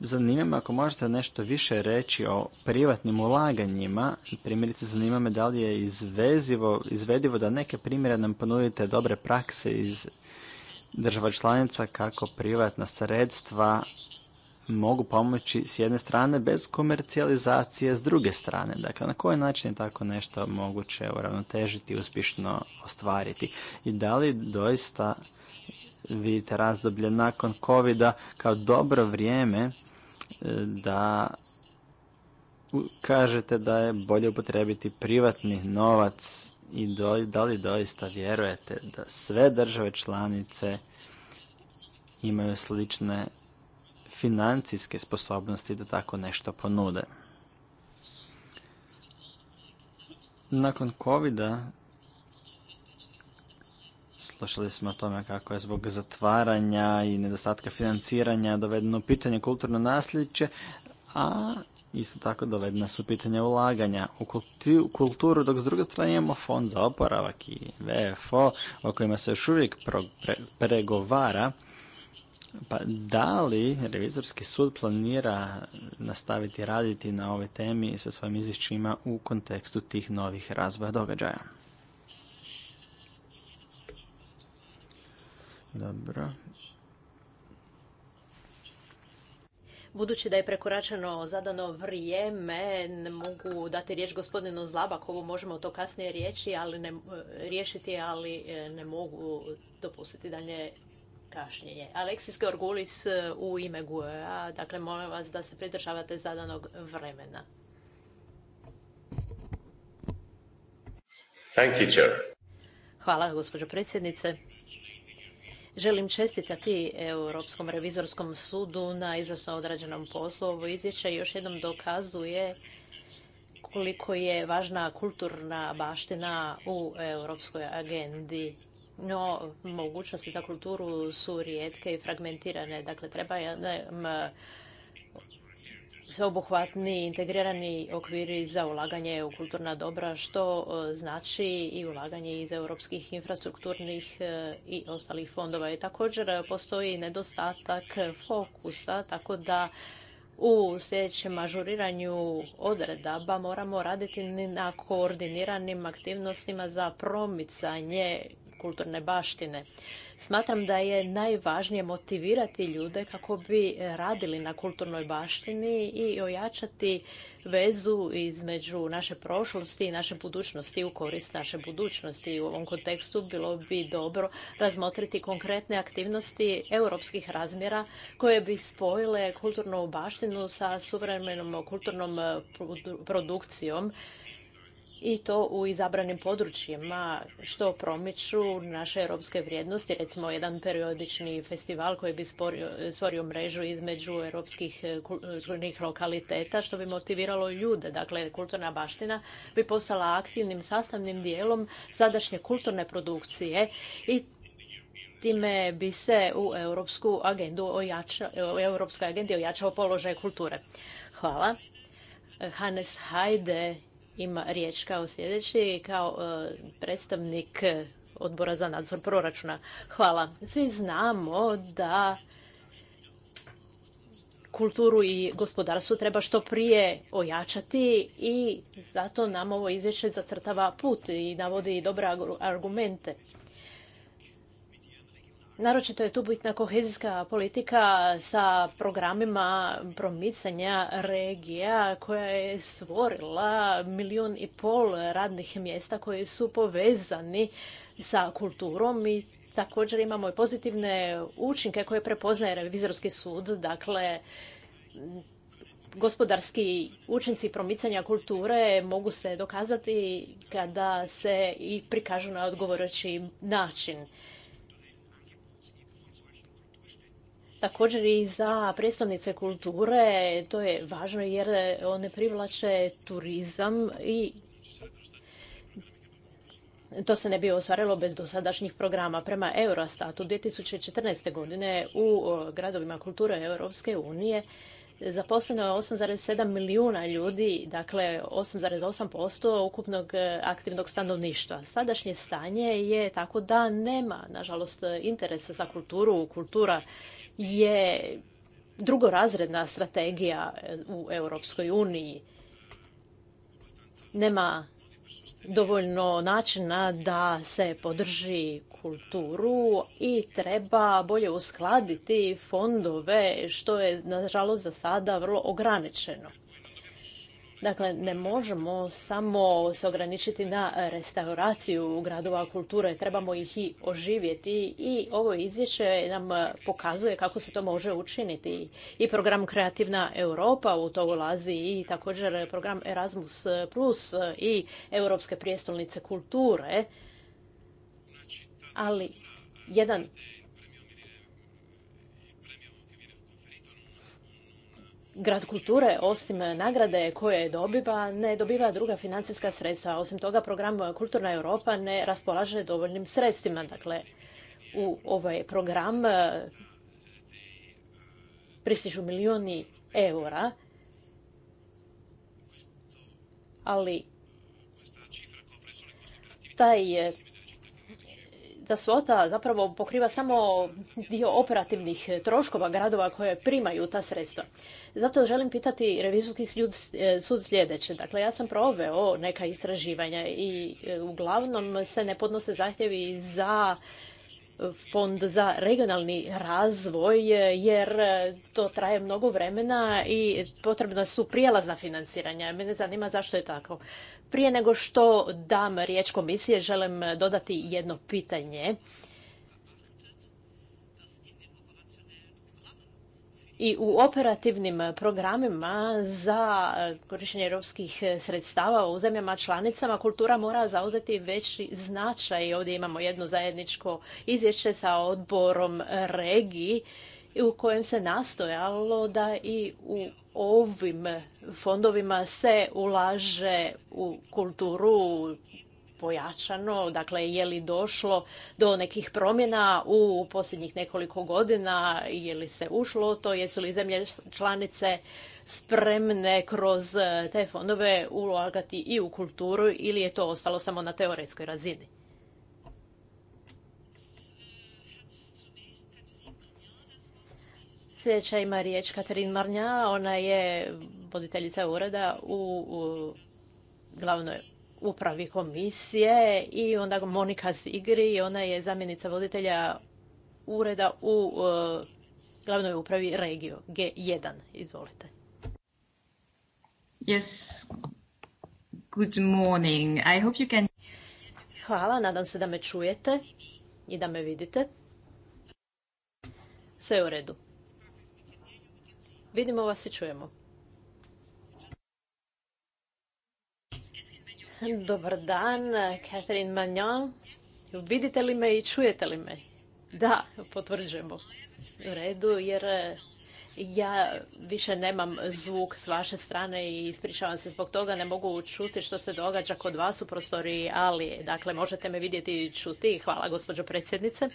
zanima me ako možete nešto više reći o privatnim ulaganjima. Primjerice, zanima me da li je izvezivo, izvedivo da neke primjere nam ponudite dobre prakse iz država članica kako privatna sredstva mogu pomoći s jedne strane bez komercijalizacije s druge strane. Dakle, na koji način je tako nešto moguće uravnotežiti, uspješno ostvariti i da li doista vidite razdoblje nakon covid kao dobro vrijeme e, da kažete da je bolje upotrebiti privatni novac i da li doista vjerujete da sve države članice imaju slične financijske sposobnosti da tako nešto ponude. Nakon covid Slušali smo o tome kako je zbog zatvaranja i nedostatka financiranja dovedeno pitanje kulturno nasljeđe, a isto tako dovedena su pitanja ulaganja u kulturu, dok s druge strane imamo fond za oporavak i VFO o kojima se još uvijek pregovara. Pa da li revizorski sud planira nastaviti raditi na ovoj temi sa svojim izvješćima u kontekstu tih novih razvoja događaja? Dobro. Budući da je prekoračeno zadano vrijeme, ne mogu dati riječ gospodinu Zlabakovu, možemo to kasnije riječi, ali ne, riješiti, ali e, ne mogu dopustiti dalje kašnjenje. Aleksis Georgulis e, u ime GUE-a, dakle molim vas da se pridržavate zadanog vremena. Thank Hvala, gospođo predsjednice. Želim čestitati Europskom revizorskom sudu na izvrsno odrađenom poslu. Ovo izvješće još jednom dokazuje koliko je važna kulturna baština u europskoj agendi. No, mogućnosti za kulturu su rijetke i fragmentirane. Dakle, treba sveobuhvatni integrirani okviri za ulaganje u kulturna dobra, što e, znači i ulaganje iz europskih infrastrukturnih e, i ostalih fondova. I također e, postoji nedostatak fokusa, tako da u sljedećem ažuriranju odredaba moramo raditi na koordiniranim aktivnostima za promicanje kulturne baštine. Smatram da je najvažnije motivirati ljude kako bi radili na kulturnoj baštini i ojačati vezu između naše prošlosti i naše budućnosti u korist naše budućnosti. U ovom kontekstu bilo bi dobro razmotriti konkretne aktivnosti europskih razmjera koje bi spojile kulturnu baštinu sa suvremenom kulturnom produkcijom i to u izabranim područjima što promiču naše europske vrijednosti. Recimo jedan periodični festival koji bi stvorio mrežu između europskih e, kulturnih lokaliteta što bi motiviralo ljude. Dakle, kulturna baština bi postala aktivnim sastavnim dijelom sadašnje kulturne produkcije i time bi se u europsku agendu ojača, u europskoj agendi ojačao položaj kulture. Hvala. Hannes ima riječ kao sljedeći, kao e, predstavnik odbora za nadzor proračuna. Hvala. Svi znamo da kulturu i gospodarstvo treba što prije ojačati i zato nam ovo izvješće zacrtava put i navodi dobre argumente. Naročito je tu bitna kohezijska politika sa programima promicanja regija koja je stvorila milijun i pol radnih mjesta koji su povezani sa kulturom i također imamo i pozitivne učinke koje prepoznaje revizorski sud, dakle gospodarski učinci promicanja kulture mogu se dokazati kada se i prikažu na odgovarajući način. također i za predstavnice kulture. To je važno jer one privlače turizam i to se ne bi ostvarilo bez dosadašnjih programa. Prema Eurostatu 2014. godine u gradovima kulture Europske unije zaposleno je 8,7 milijuna ljudi, dakle 8,8% ukupnog e, aktivnog stanovništva. Sadašnje stanje je tako da nema, nažalost, interesa za kulturu. Kultura je drugorazredna strategija u Europskoj uniji. Nema dovoljno načina da se podrži kulturu i treba bolje uskladiti fondove što je nažalost za sada vrlo ograničeno. Dakle, ne možemo samo se ograničiti na restauraciju gradova kulture, trebamo ih i oživjeti i ovo izvješće nam pokazuje kako se to može učiniti. I program Kreativna Europa u to ulazi i također program Erasmus Plus i Europske prijestolnice kulture. Ali jedan Grad kulture, osim nagrade koje dobiva, ne dobiva druga financijska sredstva. Osim toga, program Kulturna Europa ne raspolaže dovoljnim sredstvima. Dakle, u ovaj program pristižu milijoni eura, ali taj ta svota zapravo pokriva samo dio operativnih troškova gradova koje primaju ta sredstva. Zato želim pitati revizorski e, sud sljedeće. Dakle, ja sam proveo neka istraživanja i e, uglavnom se ne podnose zahtjevi za fond za regionalni razvoj jer to traje mnogo vremena i potrebna su prijelazna financiranja. Mene zanima zašto je tako. Prije nego što dam riječ komisije, želim dodati jedno pitanje. i u operativnim programima za korištenje europskih sredstava u zemljama članicama kultura mora zauzeti veći značaj. Ovdje imamo jedno zajedničko izvješće sa odborom regiji u kojem se nastojalo da i u ovim fondovima se ulaže u kulturu pojačano, dakle je li došlo do nekih promjena u posljednjih nekoliko godina, je li se ušlo to, jesu li zemlje članice spremne kroz te fondove ulagati i u kulturu ili je to ostalo samo na teoretskoj razini? Sljedeća ima riječ Katarin Marnja, ona je voditeljica ureda u, glavnoj upravi komisije i onda Monika Sigri, ona je zamjenica voditelja ureda u glavnoj upravi regiju G1. Izvolite. Good morning. I hope Hvala, nadam se da me čujete i da me vidite. Sve u redu. Vidimo vas i čujemo. Dobar dan, Catherine Magnon. Vidite li me i čujete li me? Da, potvrđujemo. U redu, jer e, ja više nemam zvuk s vaše strane i ispričavam se zbog toga, ne mogu čuti što se događa kod vas u prostoriji, ali dakle možete me vidjeti i čuti. Hvala gospođo predsjednice.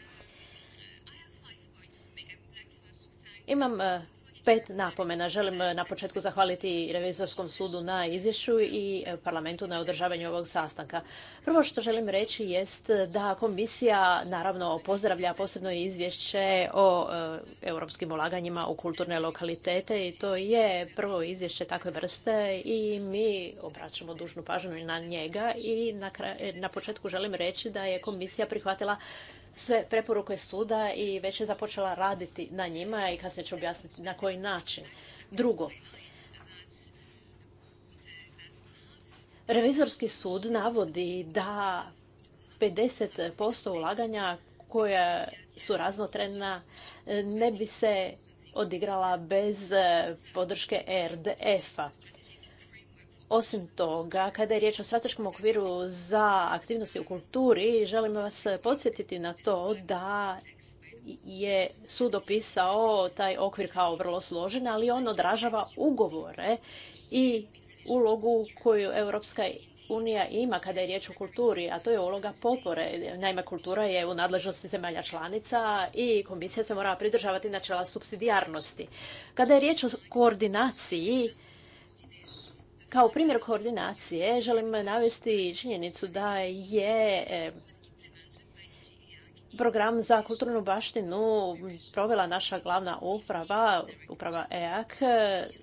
Imam e, pet napomena. Želim e, na početku zahvaliti Revizorskom sudu na izvješću i e, parlamentu na održavanju ovog sastanka. Prvo što želim reći jest da komisija naravno pozdravlja posebno izvješće o e, europskim ulaganjima u kulturne lokalitete i to je prvo izvješće takve vrste i mi obraćamo dužnu pažnju na njega i na, na početku želim reći da je komisija prihvatila sve preporuke suda i već je započela raditi na njima i kasnije ću objasniti na koji način. Drugo, Revizorski sud navodi da 50% ulaganja koja su razmotrena eh, ne bi se odigrala bez eh, podrške RDF-a. Osim toga, kada je riječ o strateškom okviru za aktivnosti u kulturi, želim vas podsjetiti na to da je sud opisao taj okvir kao vrlo složen, ali on odražava ugovore i ulogu koju Europska unija ima kada je riječ o kulturi, a to je uloga potpore. Naime, kultura je u nadležnosti zemalja članica i komisija se mora pridržavati načela supsidijarnosti. Kada je riječ o koordinaciji, kao primjer koordinacije želim navesti činjenicu da je program za kulturnu baštinu provela naša glavna uprava, uprava EAK,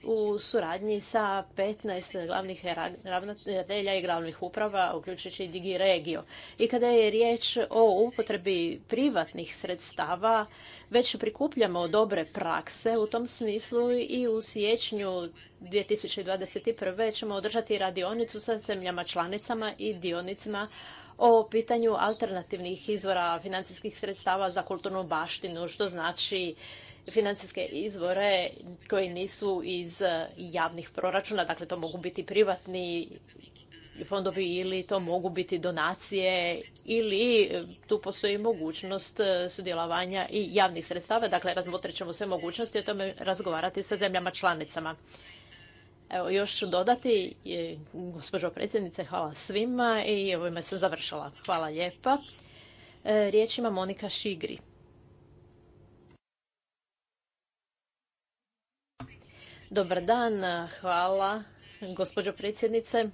u suradnji sa 15 glavnih ravnatelja i glavnih uprava, uključujući i Digi Regio. I kada je riječ o upotrebi privatnih sredstava, već prikupljamo dobre prakse u tom smislu i u siječnju 2021. ćemo održati radionicu sa zemljama članicama i dionicima o pitanju alternativnih izvora financijskih sredstava za kulturnu baštinu, što znači financijske izvore koji nisu iz javnih proračuna, dakle to mogu biti privatni fondovi ili to mogu biti donacije ili tu postoji mogućnost sudjelovanja i javnih sredstava. Dakle, razmotrit ćemo sve mogućnosti o tome razgovarati sa zemljama članicama. Evo, još ću dodati, gospođo predsjednice, hvala svima i ovime se završila. Hvala lijepa. E, riječ ima Monika Šigri. Dobar dan, hvala gospođo predsjednice.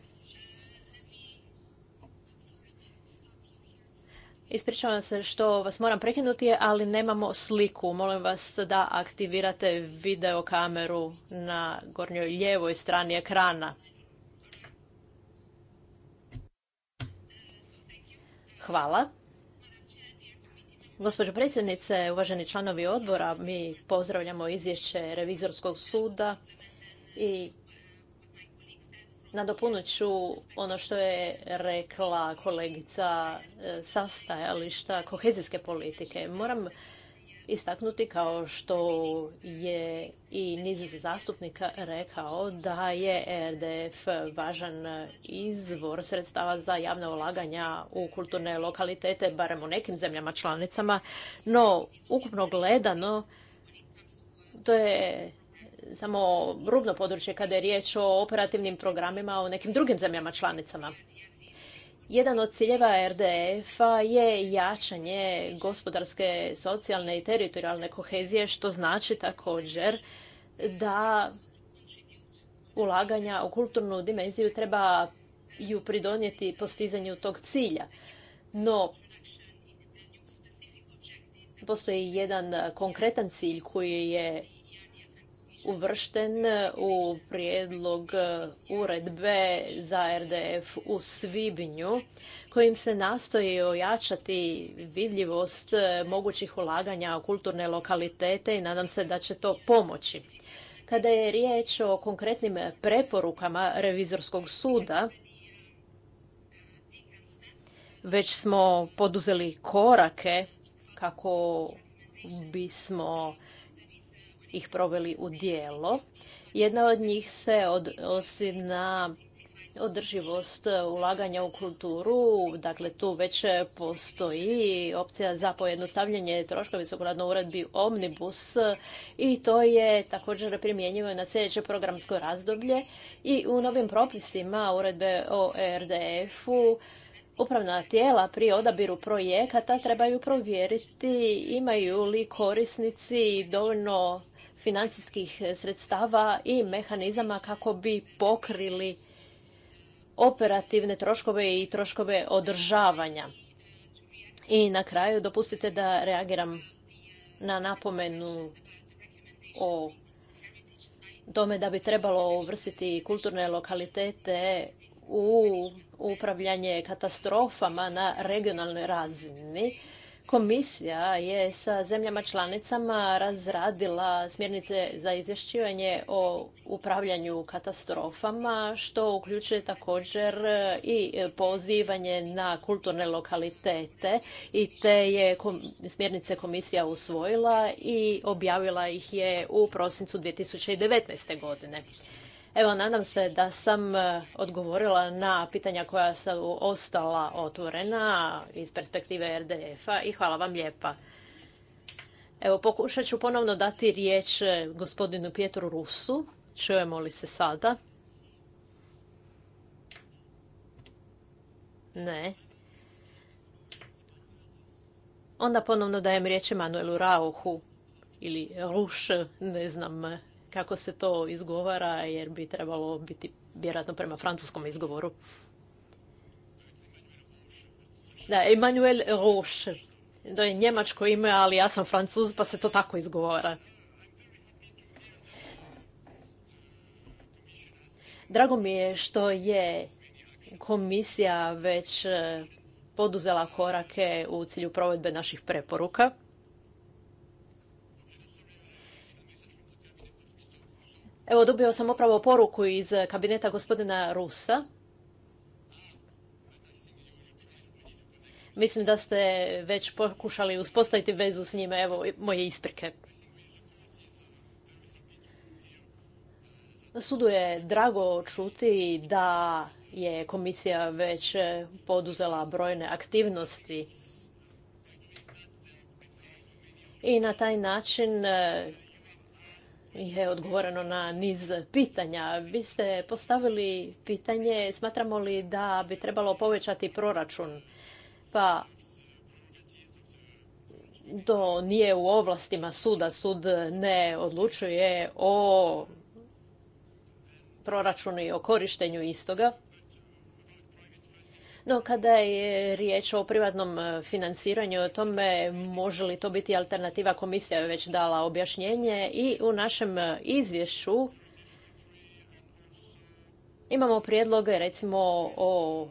Ispričavam se što vas moram prekinuti, ali nemamo sliku. Molim vas da aktivirate videokameru na gornjoj ljevoj strani ekrana. Hvala. Gospođo predsjednice, uvaženi članovi odbora, mi pozdravljamo izvješće Revizorskog suda i Nadopunit ću ono što je rekla kolegica e, sa stajališta kohezijske politike. Moram istaknuti kao što je i niz zastupnika rekao da je RDF važan izvor sredstava za javne ulaganja u kulturne lokalitete, barem u nekim zemljama članicama, no ukupno gledano to je samo rubno područje kada je riječ o operativnim programima u nekim drugim zemljama članicama. Jedan od ciljeva RDF-a je jačanje gospodarske, socijalne i teritorijalne kohezije, što znači također da ulaganja u kulturnu dimenziju treba ju pridonijeti postizanju tog cilja. No, postoji jedan konkretan cilj koji je uvršten u prijedlog e, uredbe za RDF u svibnju kojim se nastoji ojačati vidljivost e, mogućih ulaganja u kulturne lokalitete i nadam se da će to pomoći. Kada je riječ o konkretnim preporukama Revizorskog suda, već smo poduzeli korake kako bismo ih proveli u dijelo. Jedna od njih se odnosi na održivost ulaganja u kulturu, dakle tu već postoji opcija za pojednostavljanje troškova sukladno uredbi Omnibus i to je također primjenjivo na sljedeće programsko razdoblje i u novim propisima uredbe o RDF-u Upravna tijela pri odabiru projekata trebaju provjeriti imaju li korisnici dovoljno financijskih e, sredstava i mehanizama kako bi pokrili operativne troškove i troškove održavanja. I na kraju dopustite da reagiram na napomenu o tome da bi trebalo uvrstiti kulturne lokalitete u upravljanje katastrofama na regionalnoj razini Komisija je sa zemljama članicama razradila smjernice za izvješćivanje o upravljanju katastrofama, što uključuje također i pozivanje na kulturne lokalitete i te je smjernice komisija usvojila i objavila ih je u prosincu 2019. godine. Evo, nadam se da sam e, odgovorila na pitanja koja su ostala otvorena iz perspektive RDF-a i hvala vam lijepa. Evo, pokušat ću ponovno dati riječ e, gospodinu Pietru Rusu. Čujemo li se sada? Ne. Onda ponovno dajem riječ Emanuelu Rauhu ili Ruš, ne znam kako se to izgovara jer bi trebalo biti vjerojatno prema francuskom izgovoru. Da, Emmanuel Roche. To je njemačko ime, ali ja sam francuz pa se to tako izgovara. Drago mi je što je komisija već eh, poduzela korake u cilju provedbe naših preporuka. Evo, dobio sam upravo poruku iz kabineta gospodina Rusa. Mislim da ste već pokušali uspostaviti vezu s njime. Evo, moje isprike. Sudu je drago čuti da je komisija već poduzela brojne aktivnosti i na taj način je odgovoreno na niz pitanja. Vi ste postavili pitanje smatramo li da bi trebalo povećati proračun. Pa to nije u ovlastima suda. Sud ne odlučuje o proračunu i o korištenju istoga. No kada je riječ o privatnom e, financiranju, o tome može li to biti alternativa, komisija je već dala objašnjenje i u našem e, izvješću imamo prijedloge recimo o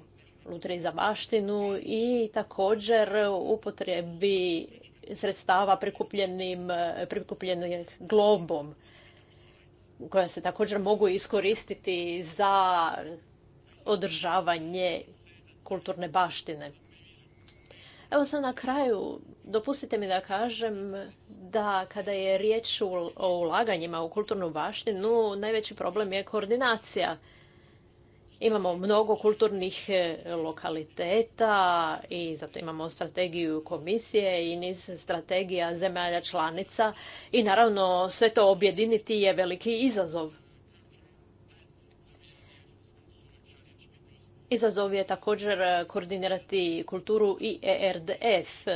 lutri za baštinu i također upotrebi sredstava prikupljenim, e, prikupljenih globom koja se također mogu iskoristiti za održavanje kulturne baštine. Evo sad na kraju, dopustite mi da kažem da kada je riječ o ulaganjima u kulturnu baštinu, najveći problem je koordinacija. Imamo mnogo kulturnih e, lokaliteta i zato imamo strategiju komisije i niz strategija zemalja članica i naravno sve to objediniti je veliki izazov. Izazov je također e, koordinirati kulturu i ERDF,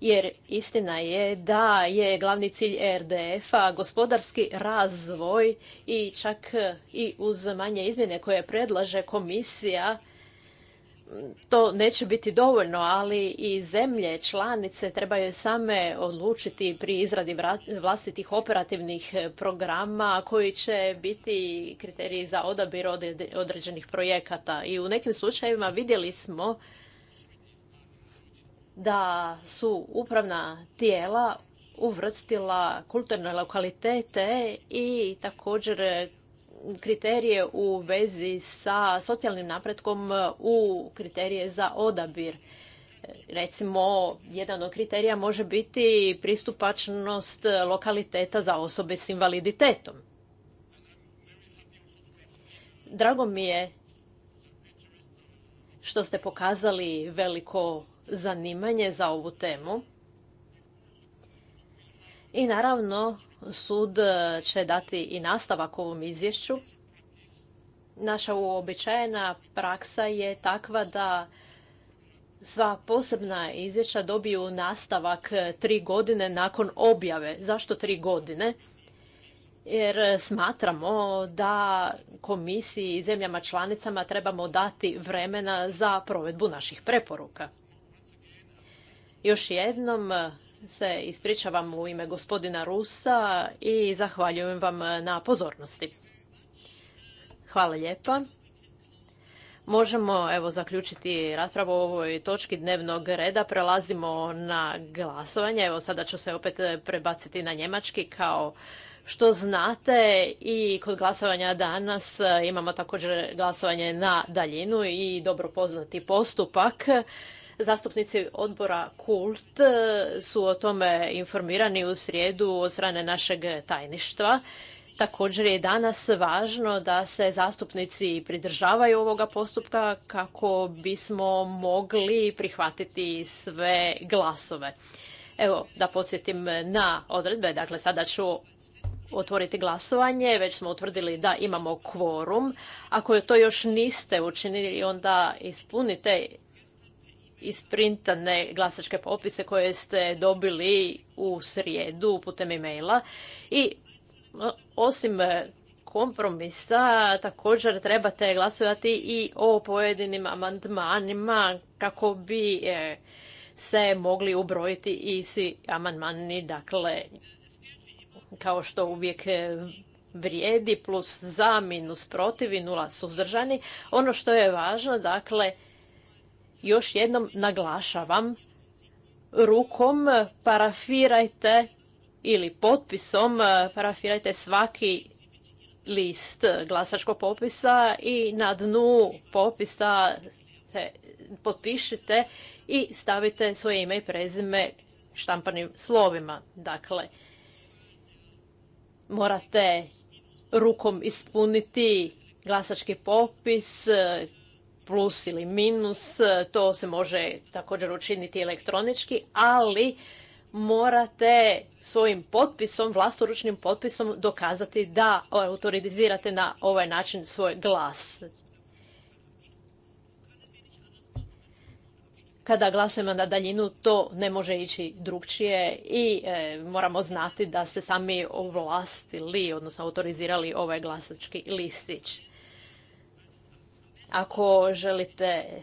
jer istina je da je glavni cilj ERDF-a gospodarski razvoj i čak i uz manje izmjene koje predlaže komisija, to neće biti dovoljno, ali i zemlje članice trebaju same odlučiti pri izradi vlastitih operativnih programa koji će biti kriteriji za odabir određenih projekata. I u nekim slučajevima vidjeli smo da su upravna tijela uvrstila kulturne lokalitete i također kriterije u vezi sa socijalnim napretkom e, u kriterije za odabir. Recimo, jedan od kriterija može biti pristupačnost lokaliteta za osobe s invaliditetom. Drago mi je što ste pokazali veliko zanimanje za ovu temu. I naravno, sud e, će dati i nastavak ovom izvješću. Naša uobičajena praksa je takva da sva posebna izvješća dobiju nastavak e, tri godine nakon objave. Zašto tri godine? jer e, smatramo da komisiji i zemljama članicama trebamo dati vremena za provedbu naših preporuka. Još jednom se ispričavam u ime gospodina Rusa i zahvaljujem vam na pozornosti. Hvala lijepa. Možemo evo zaključiti raspravu o ovoj točki dnevnog reda. Prelazimo na glasovanje. Evo sada ću se opet prebaciti na njemački kao što znate i kod glasovanja danas imamo također glasovanje na daljinu i dobro poznati postupak. Zastupnici odbora KULT e, su o tome informirani u srijedu od strane našeg tajništva. Također je danas važno da se zastupnici pridržavaju ovoga postupka kako bismo mogli prihvatiti sve glasove. Evo, da podsjetim na odredbe, dakle sada ću otvoriti glasovanje, već smo utvrdili da imamo kvorum. Ako to još niste učinili, onda ispunite isprintane glasačke popise koje ste dobili u srijedu putem e-maila. I osim kompromisa također trebate glasovati i o pojedinim amandmanima kako bi e, se mogli ubrojiti i si amandmani. Dakle, kao što uvijek vrijedi, plus za, minus protiv i nula suzdržani. Ono što je važno, dakle, još jednom naglašavam, rukom parafirajte ili potpisom eh, parafirajte svaki list glasačkog popisa i na dnu popisa se potpišite i stavite svoje ime i prezime štampanim slovima. Dakle, morate rukom ispuniti glasački popis plus ili minus, to se može također učiniti elektronički, ali morate svojim potpisom, vlastoručnim potpisom dokazati da autorizirate na ovaj način svoj glas. Kada glasujemo na daljinu, to ne može ići drugčije i e, moramo znati da ste sami ovlastili, odnosno autorizirali ovaj glasački listić. Ako želite e,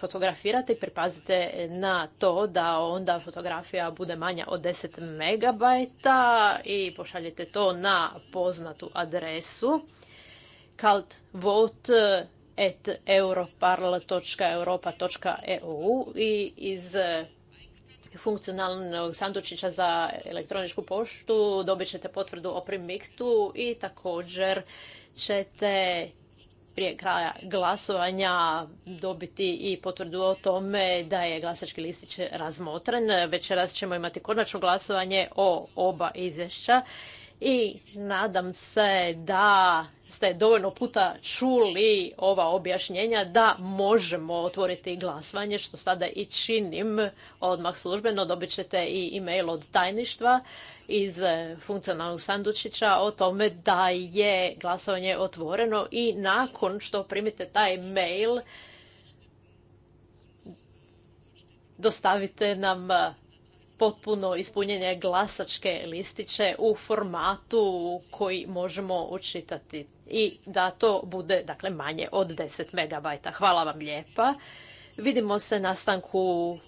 fotografirati, pripazite na to da onda fotografija bude manja od 10 megabajta i pošaljite to na poznatu adresu cultvote.europarl.europa.eu i iz funkcionalnog sandučića za elektroničku poštu dobit ćete potvrdu o primiktu i također ćete prije kraja glasovanja dobiti i potvrdu o tome da je glasački listić razmotren. Večeras ćemo imati konačno glasovanje o oba izvješća i nadam se da ste dovoljno puta čuli ova objašnjenja da možemo otvoriti glasovanje, što sada i činim odmah službeno. Dobit ćete i e-mail od tajništva iz e, funkcionalnog sandučića o tome da je glasovanje otvoreno i nakon što primite taj mail dostavite nam e, potpuno ispunjenje glasačke listiće u formatu koji možemo učitati i da to bude dakle manje od 10 MB. Hvala vam lijepa. Vidimo se nastanku.